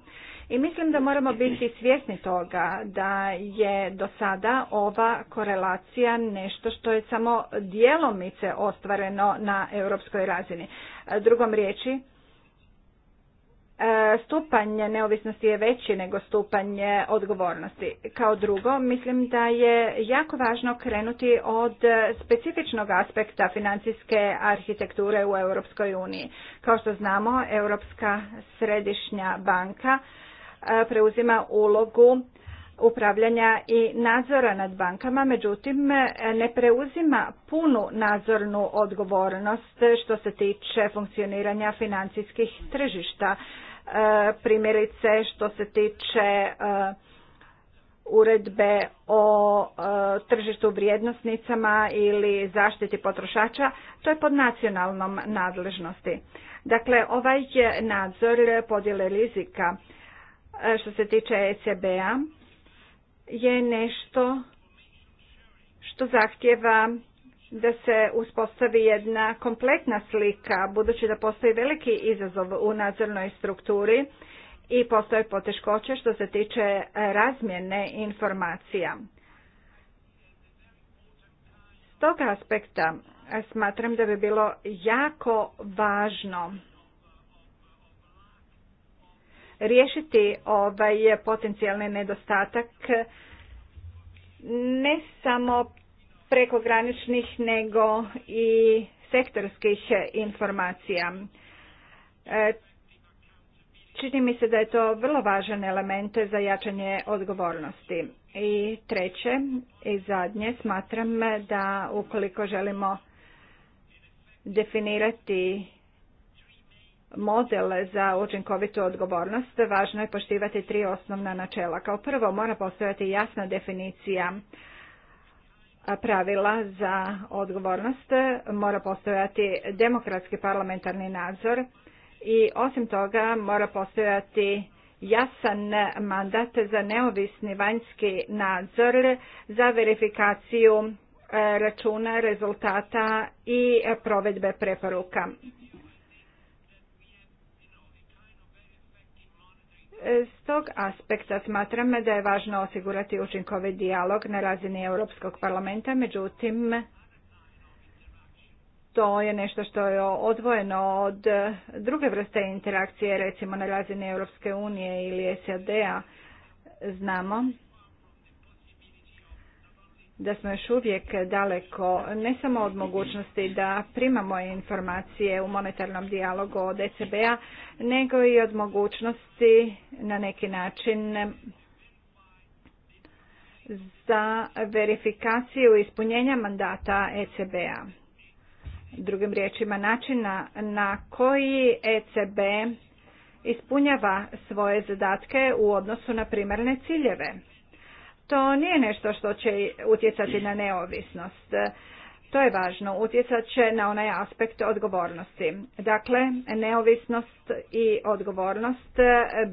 I mislim da moramo biti svjesni toga da je do sada ova korelacija nešto što je samo dijelomice ostvareno na europskoj razini. Drugom riječi, E, stupanje neovisnosti je veći nego stupanje odgovornosti. Kao drugo, mislim da je jako važno krenuti od specifičnog aspekta financijske arhitekture u Europskoj uniji. Kao što znamo, Europska središnja banka e, preuzima ulogu upravljanja i nadzora nad bankama, međutim ne preuzima punu nadzornu odgovornost što se tiče funkcioniranja financijskih tržišta. E, primjerice što se tiče e, uredbe o e, tržištu vrijednosnicama ili zaštiti potrošača, to je pod nacionalnom nadležnosti. Dakle, ovaj nadzor podjele rizika što se tiče ECB-a je nešto što zahtjeva da se uspostavi jedna kompletna slika, budući da postoji veliki izazov u nadzornoj strukturi i postoje poteškoće što se tiče razmjene informacija. S toga aspekta smatram da bi bilo jako važno riješiti ovaj potencijalni nedostatak ne samo prekograničnih nego i sektorskih informacija. E, čini mi se da je to vrlo važan element za jačanje odgovornosti. I treće i zadnje, smatram da ukoliko želimo definirati model za učinkovitu odgovornost, važno je poštivati tri osnovna načela. Kao prvo mora postojati jasna definicija pravila za odgovornost, mora postojati demokratski parlamentarni nadzor i osim toga mora postojati jasan mandat za neovisni vanjski nadzor za verifikaciju e, računa, rezultata i provedbe preporuka. S tog aspekta smatram da je važno osigurati učinkovit dijalog na razini Europskog parlamenta, međutim to je nešto što je odvojeno od druge vrste interakcije, recimo na razini Europske unije ili SAD-a. Znamo da smo još uvijek daleko ne samo od mogućnosti da primamo informacije u monetarnom dijalogu od ECB-a, nego i od mogućnosti na neki način za verifikaciju ispunjenja mandata ECB-a. Drugim riječima načina na koji ECB ispunjava svoje zadatke u odnosu na primarne ciljeve to nije nešto što će utjecati na neovisnost. To je važno, utjecat će na onaj aspekt odgovornosti. Dakle, neovisnost i odgovornost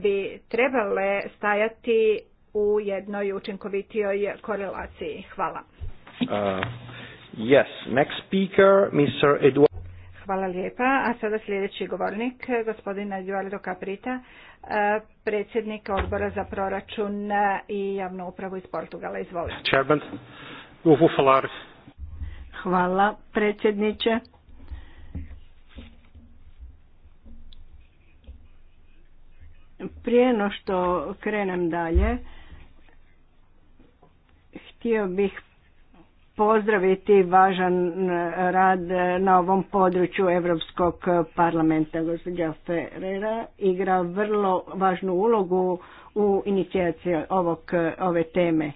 bi trebale stajati u jednoj učinkovitijoj korelaciji. Hvala.
Uh, yes, next speaker, Mr.
Hvala lijepa. A sada sljedeći govornik, gospodin Eduardo Caprita, E, predsjednik odbora za proračun i javnu upravu iz Portugala. Izvolite.
Hvala predsjedniče. Prije no što krenem dalje, htio bih pozdraviti važan e, rad e, na ovom području Europskog parlamenta. Gospođa Ferreira igra vrlo važnu ulogu u inicijaciji ovog, ove teme. E,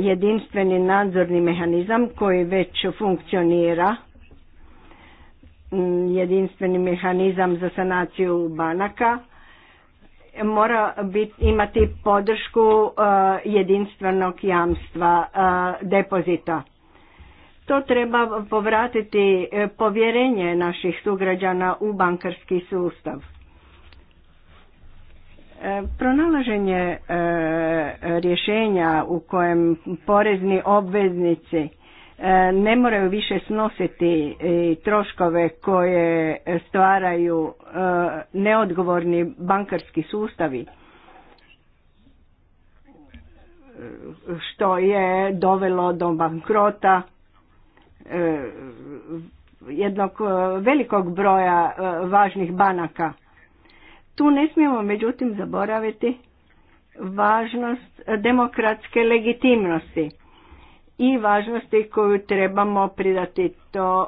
jedinstveni nadzorni mehanizam koji već funkcionira, jedinstveni mehanizam za sanaciju banaka, mora bit, imati podršku e, jedinstvenog jamstva e, depozita. To treba povratiti e, povjerenje naših sugrađana u bankarski sustav. Pronalaženje rješenja u kojem porezni obveznici E, ne moraju više snositi e, troškove koje stvaraju e, neodgovorni bankarski sustavi što je dovelo do bankrota jednog velikog broja važnih banaka. Tu ne smijemo međutim zaboraviti važnost demokratske legitimnosti i važnosti koju trebamo pridati to,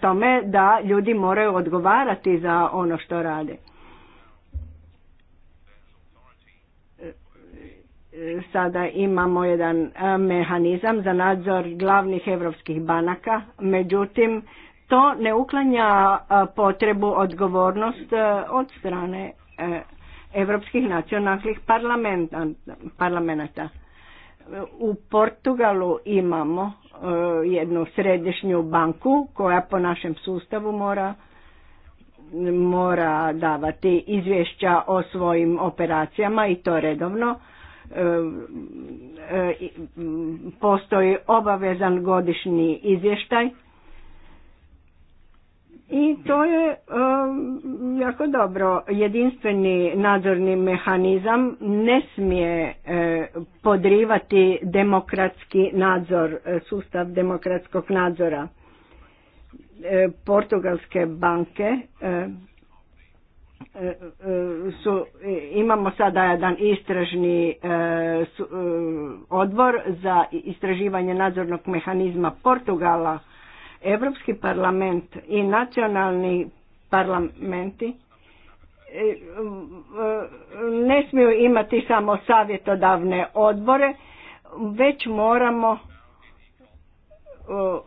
tome da ljudi moraju odgovarati za ono što rade. Sada imamo jedan e, mehanizam za nadzor glavnih europskih banaka, međutim to ne uklanja e, potrebu odgovornost e, od strane europskih nacionalnih parlamenta. U Portugalu imamo e, jednu središnju banku koja po našem sustavu mora mora davati izvješća o svojim operacijama i to redovno. E, e, postoji obavezan godišnji izvještaj i to je um, jako dobro. Jedinstveni nadzorni mehanizam ne smije e, podrivati demokratski nadzor, e, sustav demokratskog nadzora. E, portugalske banke su, imamo sada jedan istražni e, odbor za istraživanje nadzornog mehanizma Portugala Europski parlament i nacionalni parlamenti e, ne smiju imati samo savjetodavne odbore, već moramo e,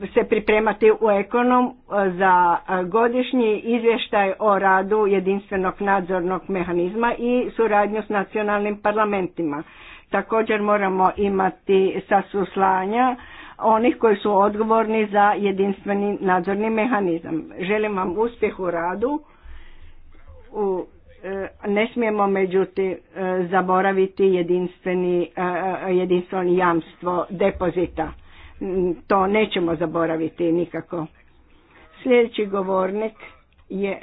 e, se pripremati u ekonom za godišnji izvještaj o radu jedinstvenog nadzornog mehanizma i suradnju s nacionalnim parlamentima. Također moramo imati sasuslanja onih koji su odgovorni za jedinstveni nadzorni mehanizam. Želim vam uspjeh u radu. U, e, ne smijemo međutim e, zaboraviti jedinstveni, e, jedinstveni jamstvo depozita. Mm, to nećemo zaboraviti nikako. Sljedeći govornik je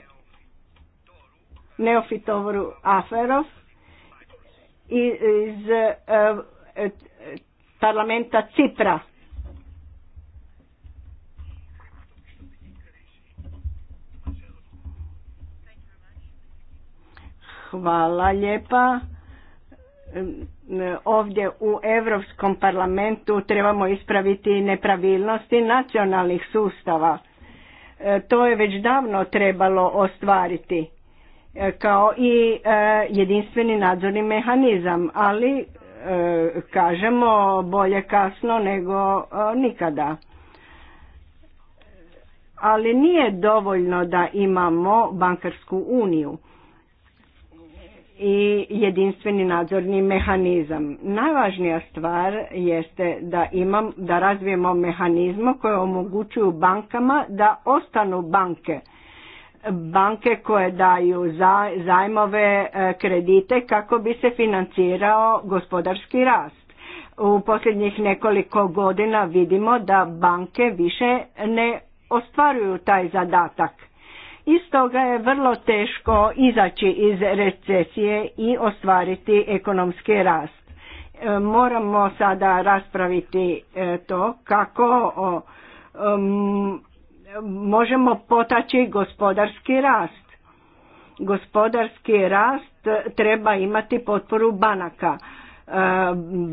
Neofitovoru Aferov iz parlamenta Cipra. Hvala lijepa. Ovdje u Europskom parlamentu trebamo ispraviti nepravilnosti nacionalnih sustava. E, to je već davno trebalo ostvariti e, kao i e, jedinstveni nadzorni mehanizam, ali kažemo bolje kasno nego nikada. Ali nije dovoljno da imamo bankarsku uniju i jedinstveni nadzorni mehanizam. Najvažnija stvar jeste da imam, da razvijemo mehanizmo koje omogućuju bankama da ostanu banke. Banke koje daju zajmove, e, kredite kako bi se financirao gospodarski rast. U posljednjih nekoliko godina vidimo da banke više ne ostvaruju taj zadatak iz toga je vrlo teško izaći iz recesije i ostvariti ekonomski rast. E, moramo sada raspraviti e, to kako možemo potaći gospodarski rast. Gospodarski rast treba imati potporu banaka. E,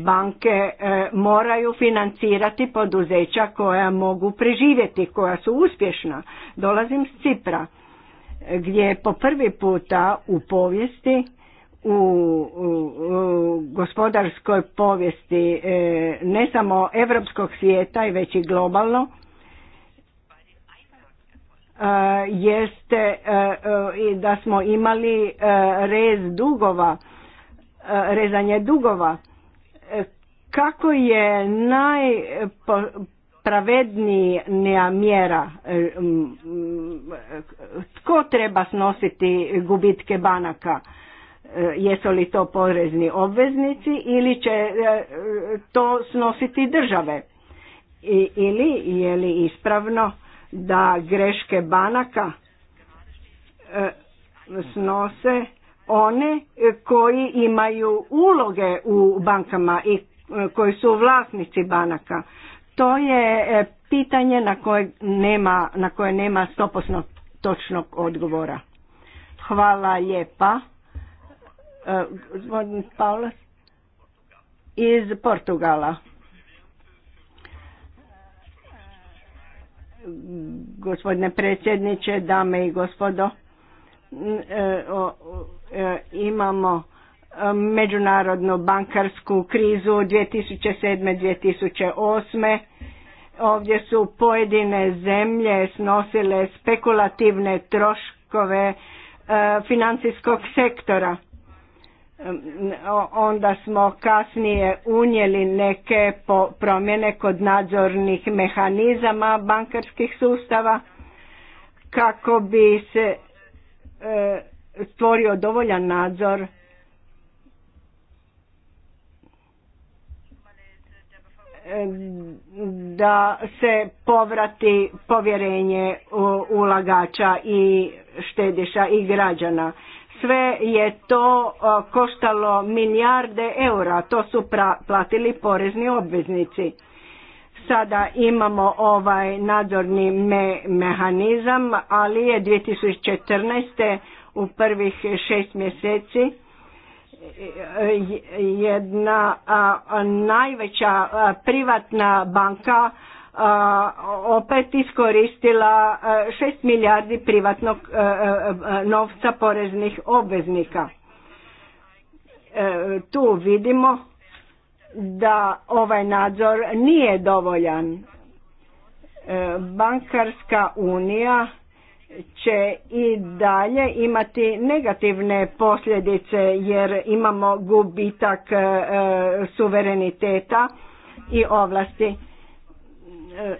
banke moraju financirati poduzeća koja mogu preživjeti, koja su uspješna. Dolazim s Cipra gdje je po prvi puta u povijesti u, u, gospodarskoj povijesti e, ne samo europskog svijeta već i globalno e, jeste e, i da smo imali rez dugova rezanje dugova kako je najpravednija mjera tko treba snositi gubitke banaka? E, jesu li to porezni obveznici ili će e, to snositi države? I, ili je li ispravno da greške banaka e, snose one koji imaju uloge u bankama i koji su vlasnici banaka. To je pitanje na koje nema, na koje nema stoposnog točnog odgovora. Hvala lijepa. E, gospodin Paulas iz Portugala. Gospodine predsjedniče, dame i gospodo, e, e, imamo međunarodnu bankarsku krizu 2007-2008 Ovdje su pojedine zemlje snosile spekulativne troškove e, financijskog sektora. E, onda smo kasnije unijeli neke promjene kod nadzornih mehanizama bankarskih sustava kako bi se e, stvorio dovoljan nadzor da se povrati povjerenje ulagača i štediša i građana. Sve je to koštalo milijarde eura, to su platili porezni obveznici. Sada imamo ovaj nadzorni mehanizam, ali je 2014. u prvih šest mjeseci jedna najveća privatna banka opet iskoristila 6 milijardi privatnog novca poreznih obveznika. E, tu vidimo da ovaj nadzor nije dovoljan. E, bankarska unija će i dalje imati negativne posljedice jer imamo gubitak e, e, suvereniteta i ovlasti. E,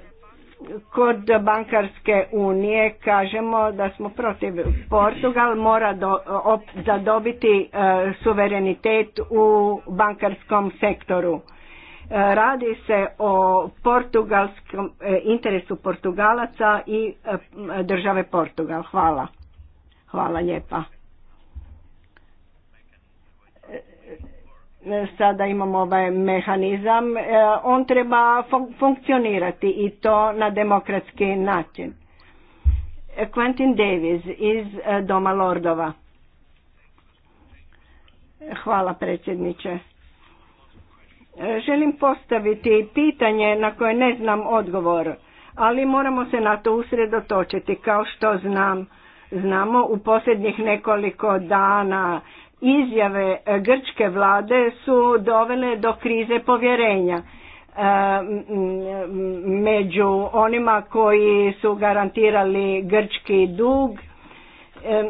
kod bankarske unije kažemo da smo protiv. Portugal mora do, op, zadobiti suverenitet u bankarskom sektoru Radi se o portugalskom e, interesu Portugalaca i e, države Portugal. Hvala. Hvala lijepa. E, sada imamo ovaj mehanizam. On treba funkcionirati i to na demokratski način. Quentin Davis iz Doma Lordova. Hvala predsjedniče. E, želim postaviti pitanje na koje ne znam odgovor, ali moramo se na to usredotočiti. Kao što znam, znamo u posljednjih nekoliko dana izjave grčke vlade su dovele do krize povjerenja e, među onima koji su garantirali grčki dug e,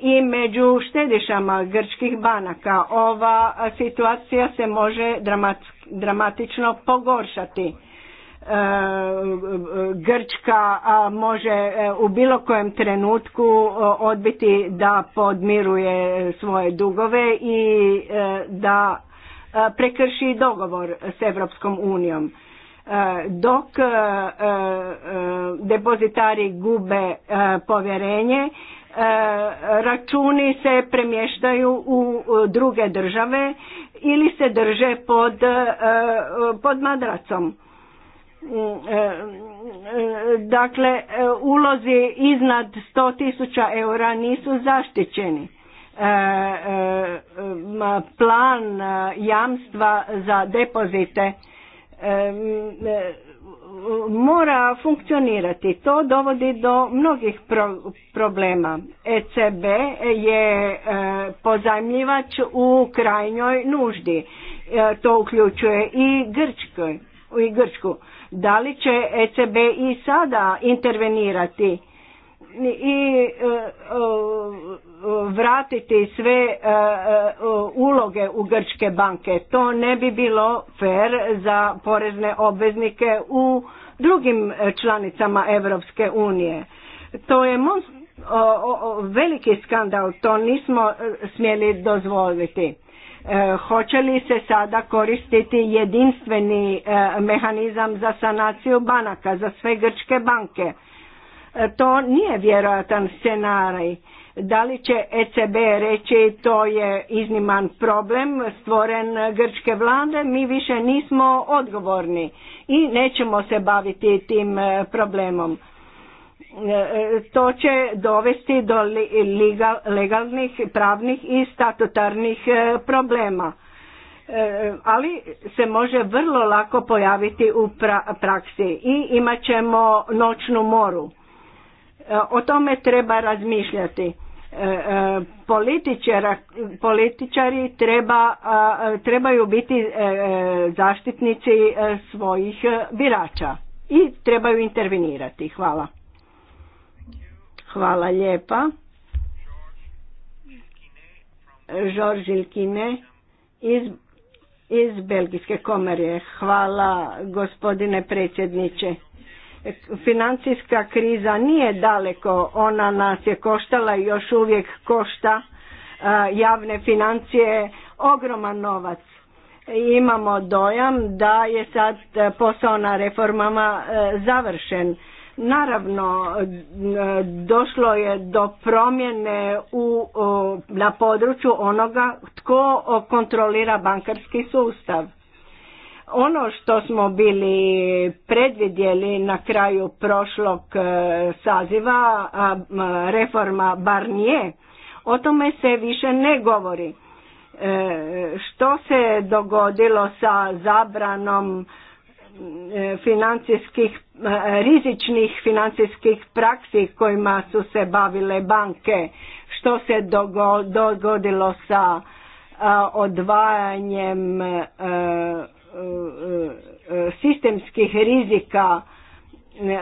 i među štedišama grčkih banaka. Ova situacija se može dramatično pogoršati. E, Grčka može e, u bilo kojem trenutku odbiti da podmiruje svoje dugove i e, da prekrši dogovor s Europskom unijom. Dok depozitari gube povjerenje, Eh, računi se premještaju u druge države ili se drže pod, eh, pod madracom. Mm, eh, dakle, ulozi iznad 100.000 eura nisu zaštićeni. Plan jamstva za depozite mora funkcionirati. To dovodi do mnogih pro problema. ECB je e, pozajmljivač u krajnjoj nuždi. E, to uključuje i Grčkoj, i Grčku. Da li će ECB i sada intervenirati? i e, e, vratiti sve e, uloge u grčke banke. To ne bi bilo fer za porezne obveznike u drugim članicama Europske unije. To je veliki skandal, to nismo smjeli dozvoliti. Hoće li se sada koristiti jedinstveni mehanizam za sanaciju banaka, za sve grčke banke? E, to nije vjerojatan scenarij. Da li će ECB reći to je izniman problem stvoren grčke vlade, mi više nismo odgovorni i nećemo se baviti tim e, problemom. E, to će dovesti do legalnih, pravnih i statutarnih problema. Ali se može vrlo lako pojaviti u praksi i imat ćemo noćnu moru o tome treba razmišljati. E, e, političari treba, trebaju biti e, zaštitnici svojih birača i trebaju intervenirati. Hvala. Hvala lijepa. Žorž Ilkine iz, iz Belgijske komarije. Hvala gospodine predsjedniče. Financijska kriza nije daleko, ona nas je koštala i još uvijek košta e, javne financije ogroman novac. Imamo dojam da je sad posao na reformama e, završen. Naravno, e, došlo je do promjene u, na području onoga tko kontrolira bankarski sustav. Ono što smo bili predvidjeli na kraju prošlog e, saziva, reforma Barnije, o tome se više ne govori. E, što se dogodilo sa zabranom e, financijskih, rizičnih financijskih praksi kojima su se bavile banke? Što se dogodilo sa odvajanjem sistemskih rizika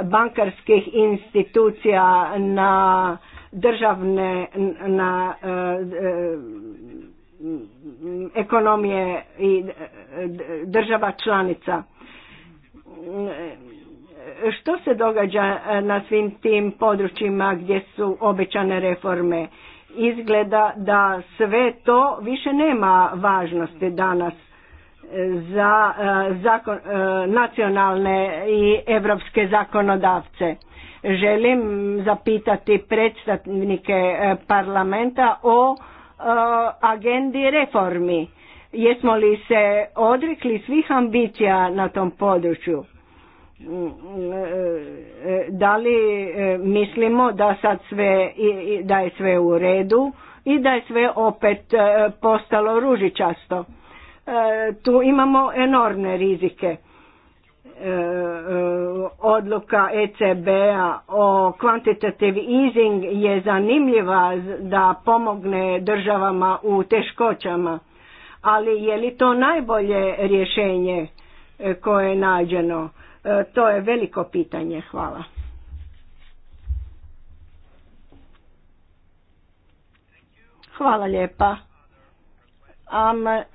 bankarskih institucija na državne na eh, ekonomije i eh, država članica. Što se događa na svim tim područjima gdje su obećane reforme? Izgleda da sve to više nema važnosti danas za e, zakon, e, nacionalne i europske zakonodavce. Želim zapitati predstavnike e, parlamenta o agendi reformi. Jesmo li se odrekli svih ambicija na tom području? Mm, da li mislimo da sad sve, da je sve u redu i da je sve opet postalo ružičasto? E, tu imamo enormne rizike e, e, odluka ECB-a o quantitative easing je zanimljiva da pomogne državama u teškoćama, ali je li to najbolje rješenje koje je nađeno? To je veliko pitanje. Hvala. Hvala lijepa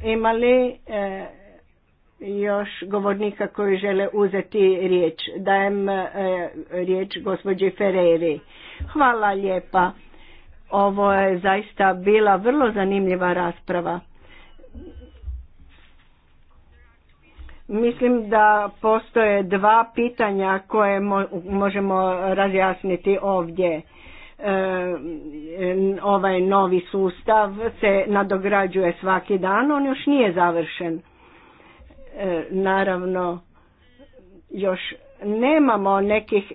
imali e, još govornika koji žele uzeti riječ. Dajem e, riječ gospođi Ferreri. Hvala lijepa. Ovo je zaista bila vrlo zanimljiva rasprava. Mislim da postoje dva pitanja koje možemo razjasniti ovdje ovaj novi sustav se nadograđuje svaki dan, on još nije završen. E, naravno, još nemamo nekih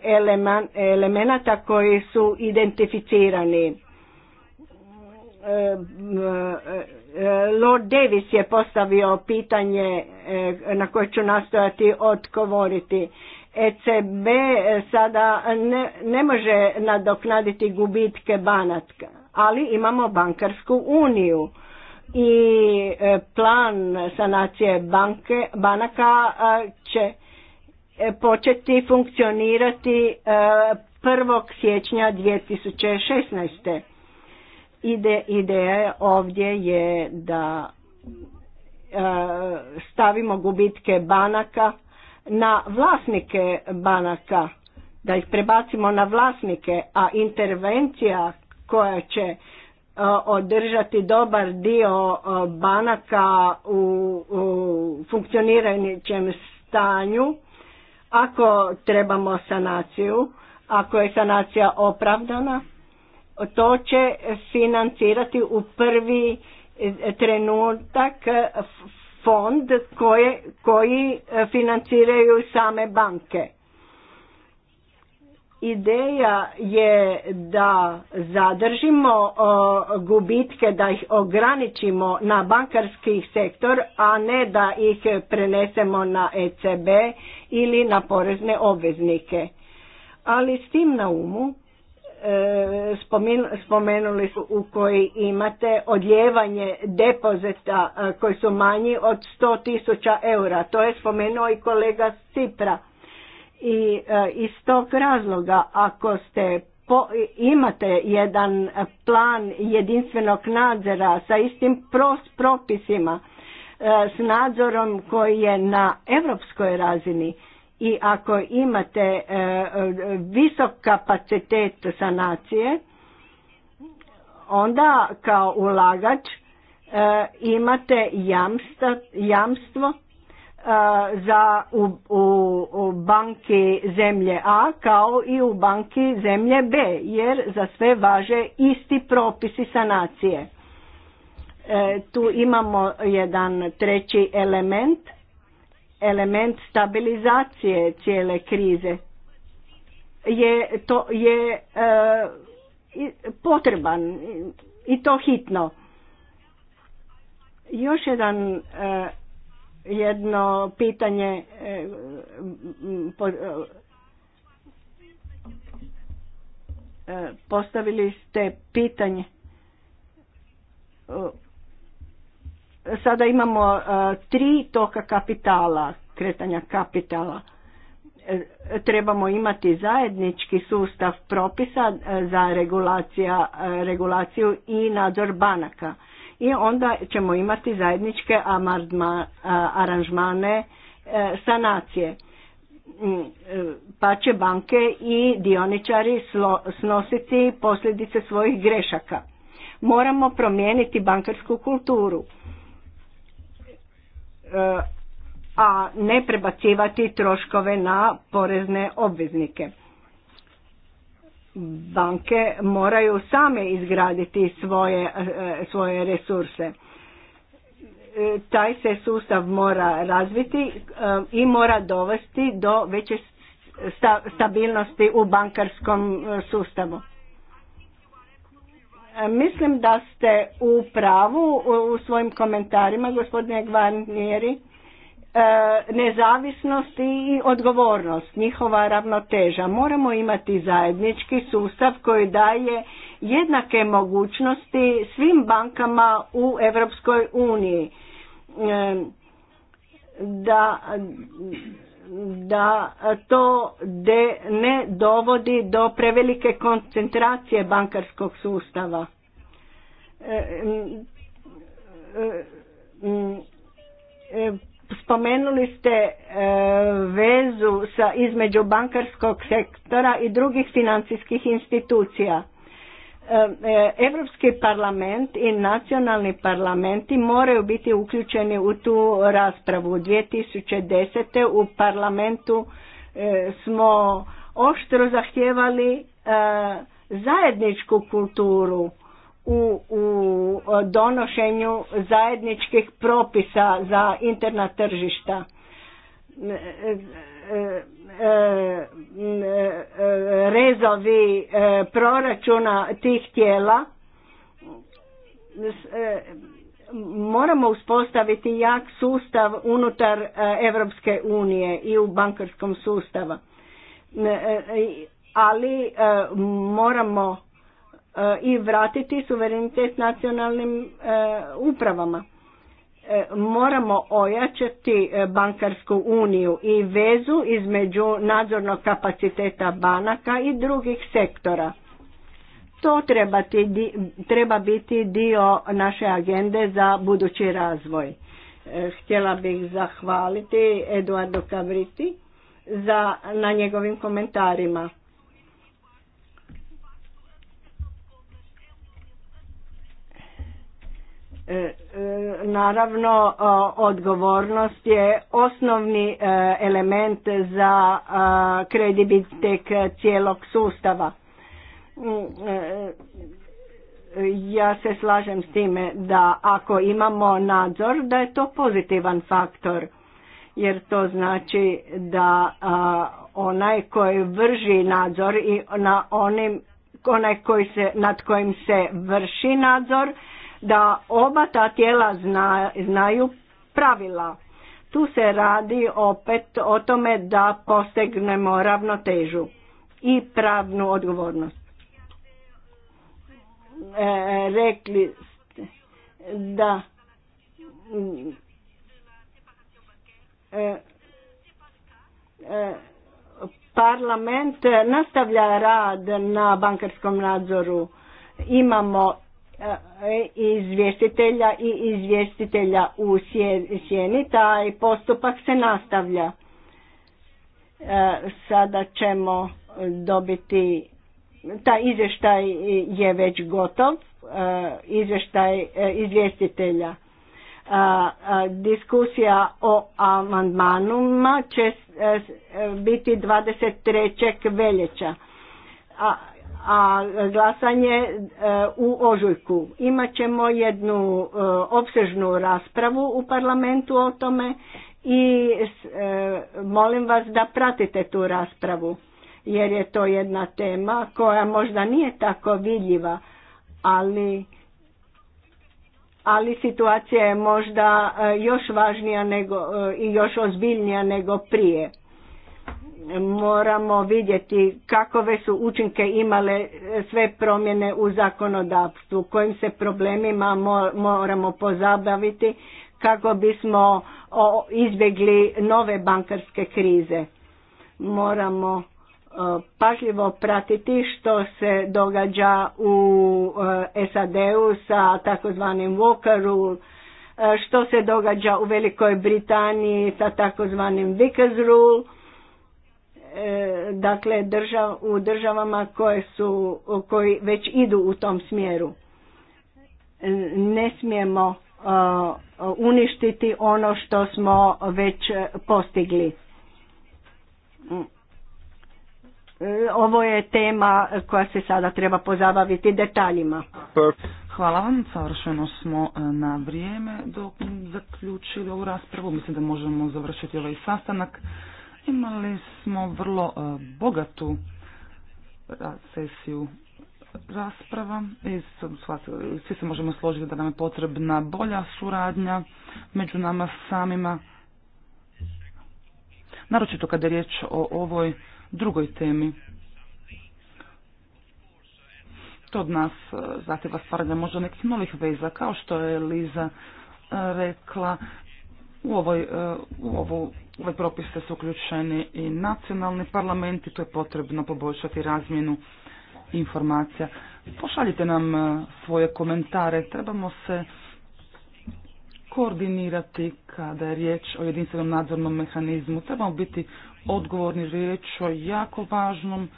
elemenata koji su identificirani. E, e, Lord Davis je postavio pitanje na koje ću nastojati odgovoriti. ECB e, sada ne, ne može nadoknaditi gubitke banatka, ali imamo bankarsku uniju i e, plan sanacije banke, banaka e, će početi funkcionirati 1. siječnja 2016. Ide, ideja ovdje je da stavimo gubitke banaka na vlasnike banaka, da ih prebacimo na vlasnike, a intervencija koja će e, održati dobar dio e, banaka u, u stanju, ako trebamo sanaciju, ako je sanacija opravdana, to će financirati u prvi trenutak fond koje, koji e, financiraju same banke. Ideja je da zadržimo gubitke, da ih ograničimo na bankarski sektor, a ne da ih prenesemo na ECB ili na porezne obveznike. Ali s tim na umu spomenuli su u koji imate odljevanje depozita e, koji su manji od tisuća eura. To je spomenuo i kolega Cipra. I e, iz tog razloga ako ste po, imate jedan plan jedinstvenog nadzora sa istim pros, propisima e, s nadzorom koji je na europskoj razini i ako imate e, e, visok kapacitet sanacije, onda kao ulagač e, imate jamstvo za u, u, u banki zemlje A kao i u banki zemlje B jer za sve važe isti propisi sanacije. tu imamo jedan treći element element stabilizacije cijele krize je to je e, potreban i to hitno. Još jedan e, jedno pitanje e, e, postavili ste pitanje Sada imamo e, tri toka kapitala, kretanja kapitala. E, trebamo imati zajednički sustav propisa e, za regulacija, regulaciju i nadzor banaka. I onda ćemo imati zajedničke aranžmane sanacije mm, pa će banke i dioničari snositi posljedice svojih grešaka. Moramo promijeniti bankarsku kulturu. E, a ne prebacivati troškove na porezne obveznike. Banke moraju same izgraditi svoje, e, svoje resurse. E, taj se sustav mora razviti i mora dovesti do veće stabilnosti u bankarskom sustavu. Mislim da ste u pravu u svojim komentarima, gospodine Gvarnjeri, e, nezavisnost i odgovornost, njihova ravnoteža. Moramo imati zajednički sustav koji daje jednake mogućnosti svim bankama u Europskoj uniji e, da da to de, ne dovodi do prevelike koncentracije bankarskog sustava. E,
e,
e, spomenuli ste vezu sa između bankarskog sektora i drugih financijskih institucija Europski e, parlament i nacionalni parlamenti moraju biti uključeni u tu raspravu. 2010. u parlamentu e, smo oštro zahtjevali e, zajedničku kulturu u, u donošenju zajedničkih propisa za interna tržišta E, e, rezovi e, proračuna tih tijela moramo uspostaviti jak sustav unutar Europske unije i u bankarskom sustavu. Ali moramo i vratiti suverenitet nacionalnim upravama. E, moramo ojačati e, bankarsku uniju i vezu između nadzornog kapaciteta banaka i drugih sektora. To treba, biti dio naše agende za budući razvoj. E, htjela bih zahvaliti Eduardo Cavriti za, na njegovim komentarima. E, e, naravno, odgovornost je osnovni e, element za kredibilitet cijelog sustava. Mm, ja se slažem s time da ako imamo nadzor, da je to pozitivan faktor, jer to znači da onaj koji vrži nadzor i na onim onaj koji se, nad kojim se vrši nadzor da oba ta tijela zna, znaju pravila. Tu se radi opet o tome da postegnemo ravnotežu i pravnu odgovornost. E, rekli ste da e, e parlament nastavlja rad na bankarskom nadzoru. Imamo E, izvjestitelja i izvjestitelja u sjeni, taj postupak se nastavlja. E, sada ćemo dobiti, taj izvještaj je već gotov, e, izvještaj izvjestitelja. Diskusija o amandmanuma će biti 23. veljeća. A a glasanje e, u ožujku. Imat ćemo jednu e, opsežnu raspravu u parlamentu o tome i e, molim vas da pratite tu raspravu jer je to jedna tema koja možda nije tako vidljiva, ali ali situacija je možda još važnija nego i još ozbiljnija nego prije moramo vidjeti kakove su učinke imale sve promjene u zakonodavstvu, kojim se problemima moramo pozabaviti kako bismo izbjegli nove bankarske krize. Moramo e, pažljivo pratiti što se događa u e, SAD-u sa takozvanim rule, što se događa u Velikoj Britaniji sa takozvanim Vickers Rule, dakle držav, u državama koje su, koji već idu u tom smjeru. Ne smijemo uh, uništiti ono što smo već postigli. Ovo je tema koja se sada treba pozabaviti detaljima. Hvala vam, savršeno smo e, na vrijeme dok zaključili ovu
raspravu. Mislim da možemo završiti ovaj sastanak. Imali smo vrlo e, bogatu e, sesiju rasprava i svi se možemo složiti da nam je potrebna bolja suradnja među nama samima. Naročito kada je riječ o ovoj drugoj temi. To od nas e, zahtjeva stvaranja možda nekih novih veza, kao što je Liza rekla u, ovoj, u ovu ove propise su uključeni i nacionalni parlamenti, to je potrebno poboljšati razmjenu informacija. Pošaljite nam e, svoje komentare, trebamo se koordinirati kada je riječ o jedinstvenom nadzornom mehanizmu, trebamo biti odgovorni riječ o jako važnom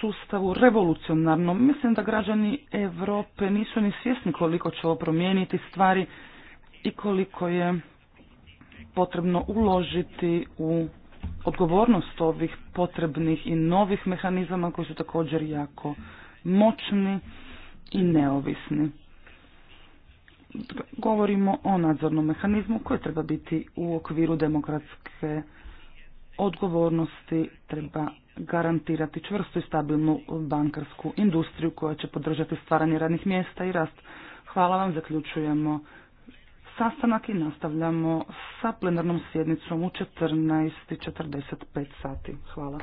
sustavu revolucionarnom. Mislim da građani Europe nisu ni svjesni koliko će ovo promijeniti stvari i koliko je potrebno uložiti u odgovornost ovih potrebnih i novih mehanizama koji su također jako moćni i neovisni. Govorimo o nadzornom mehanizmu koji treba biti u okviru demokratske odgovornosti, treba garantirati čvrstu i stabilnu bankarsku industriju koja će podržati stvaranje radnih mjesta i rast. Hvala vam, zaključujemo sastanak i nastavljamo sa plenarnom sjednicom u 14.45 sati. Hvala.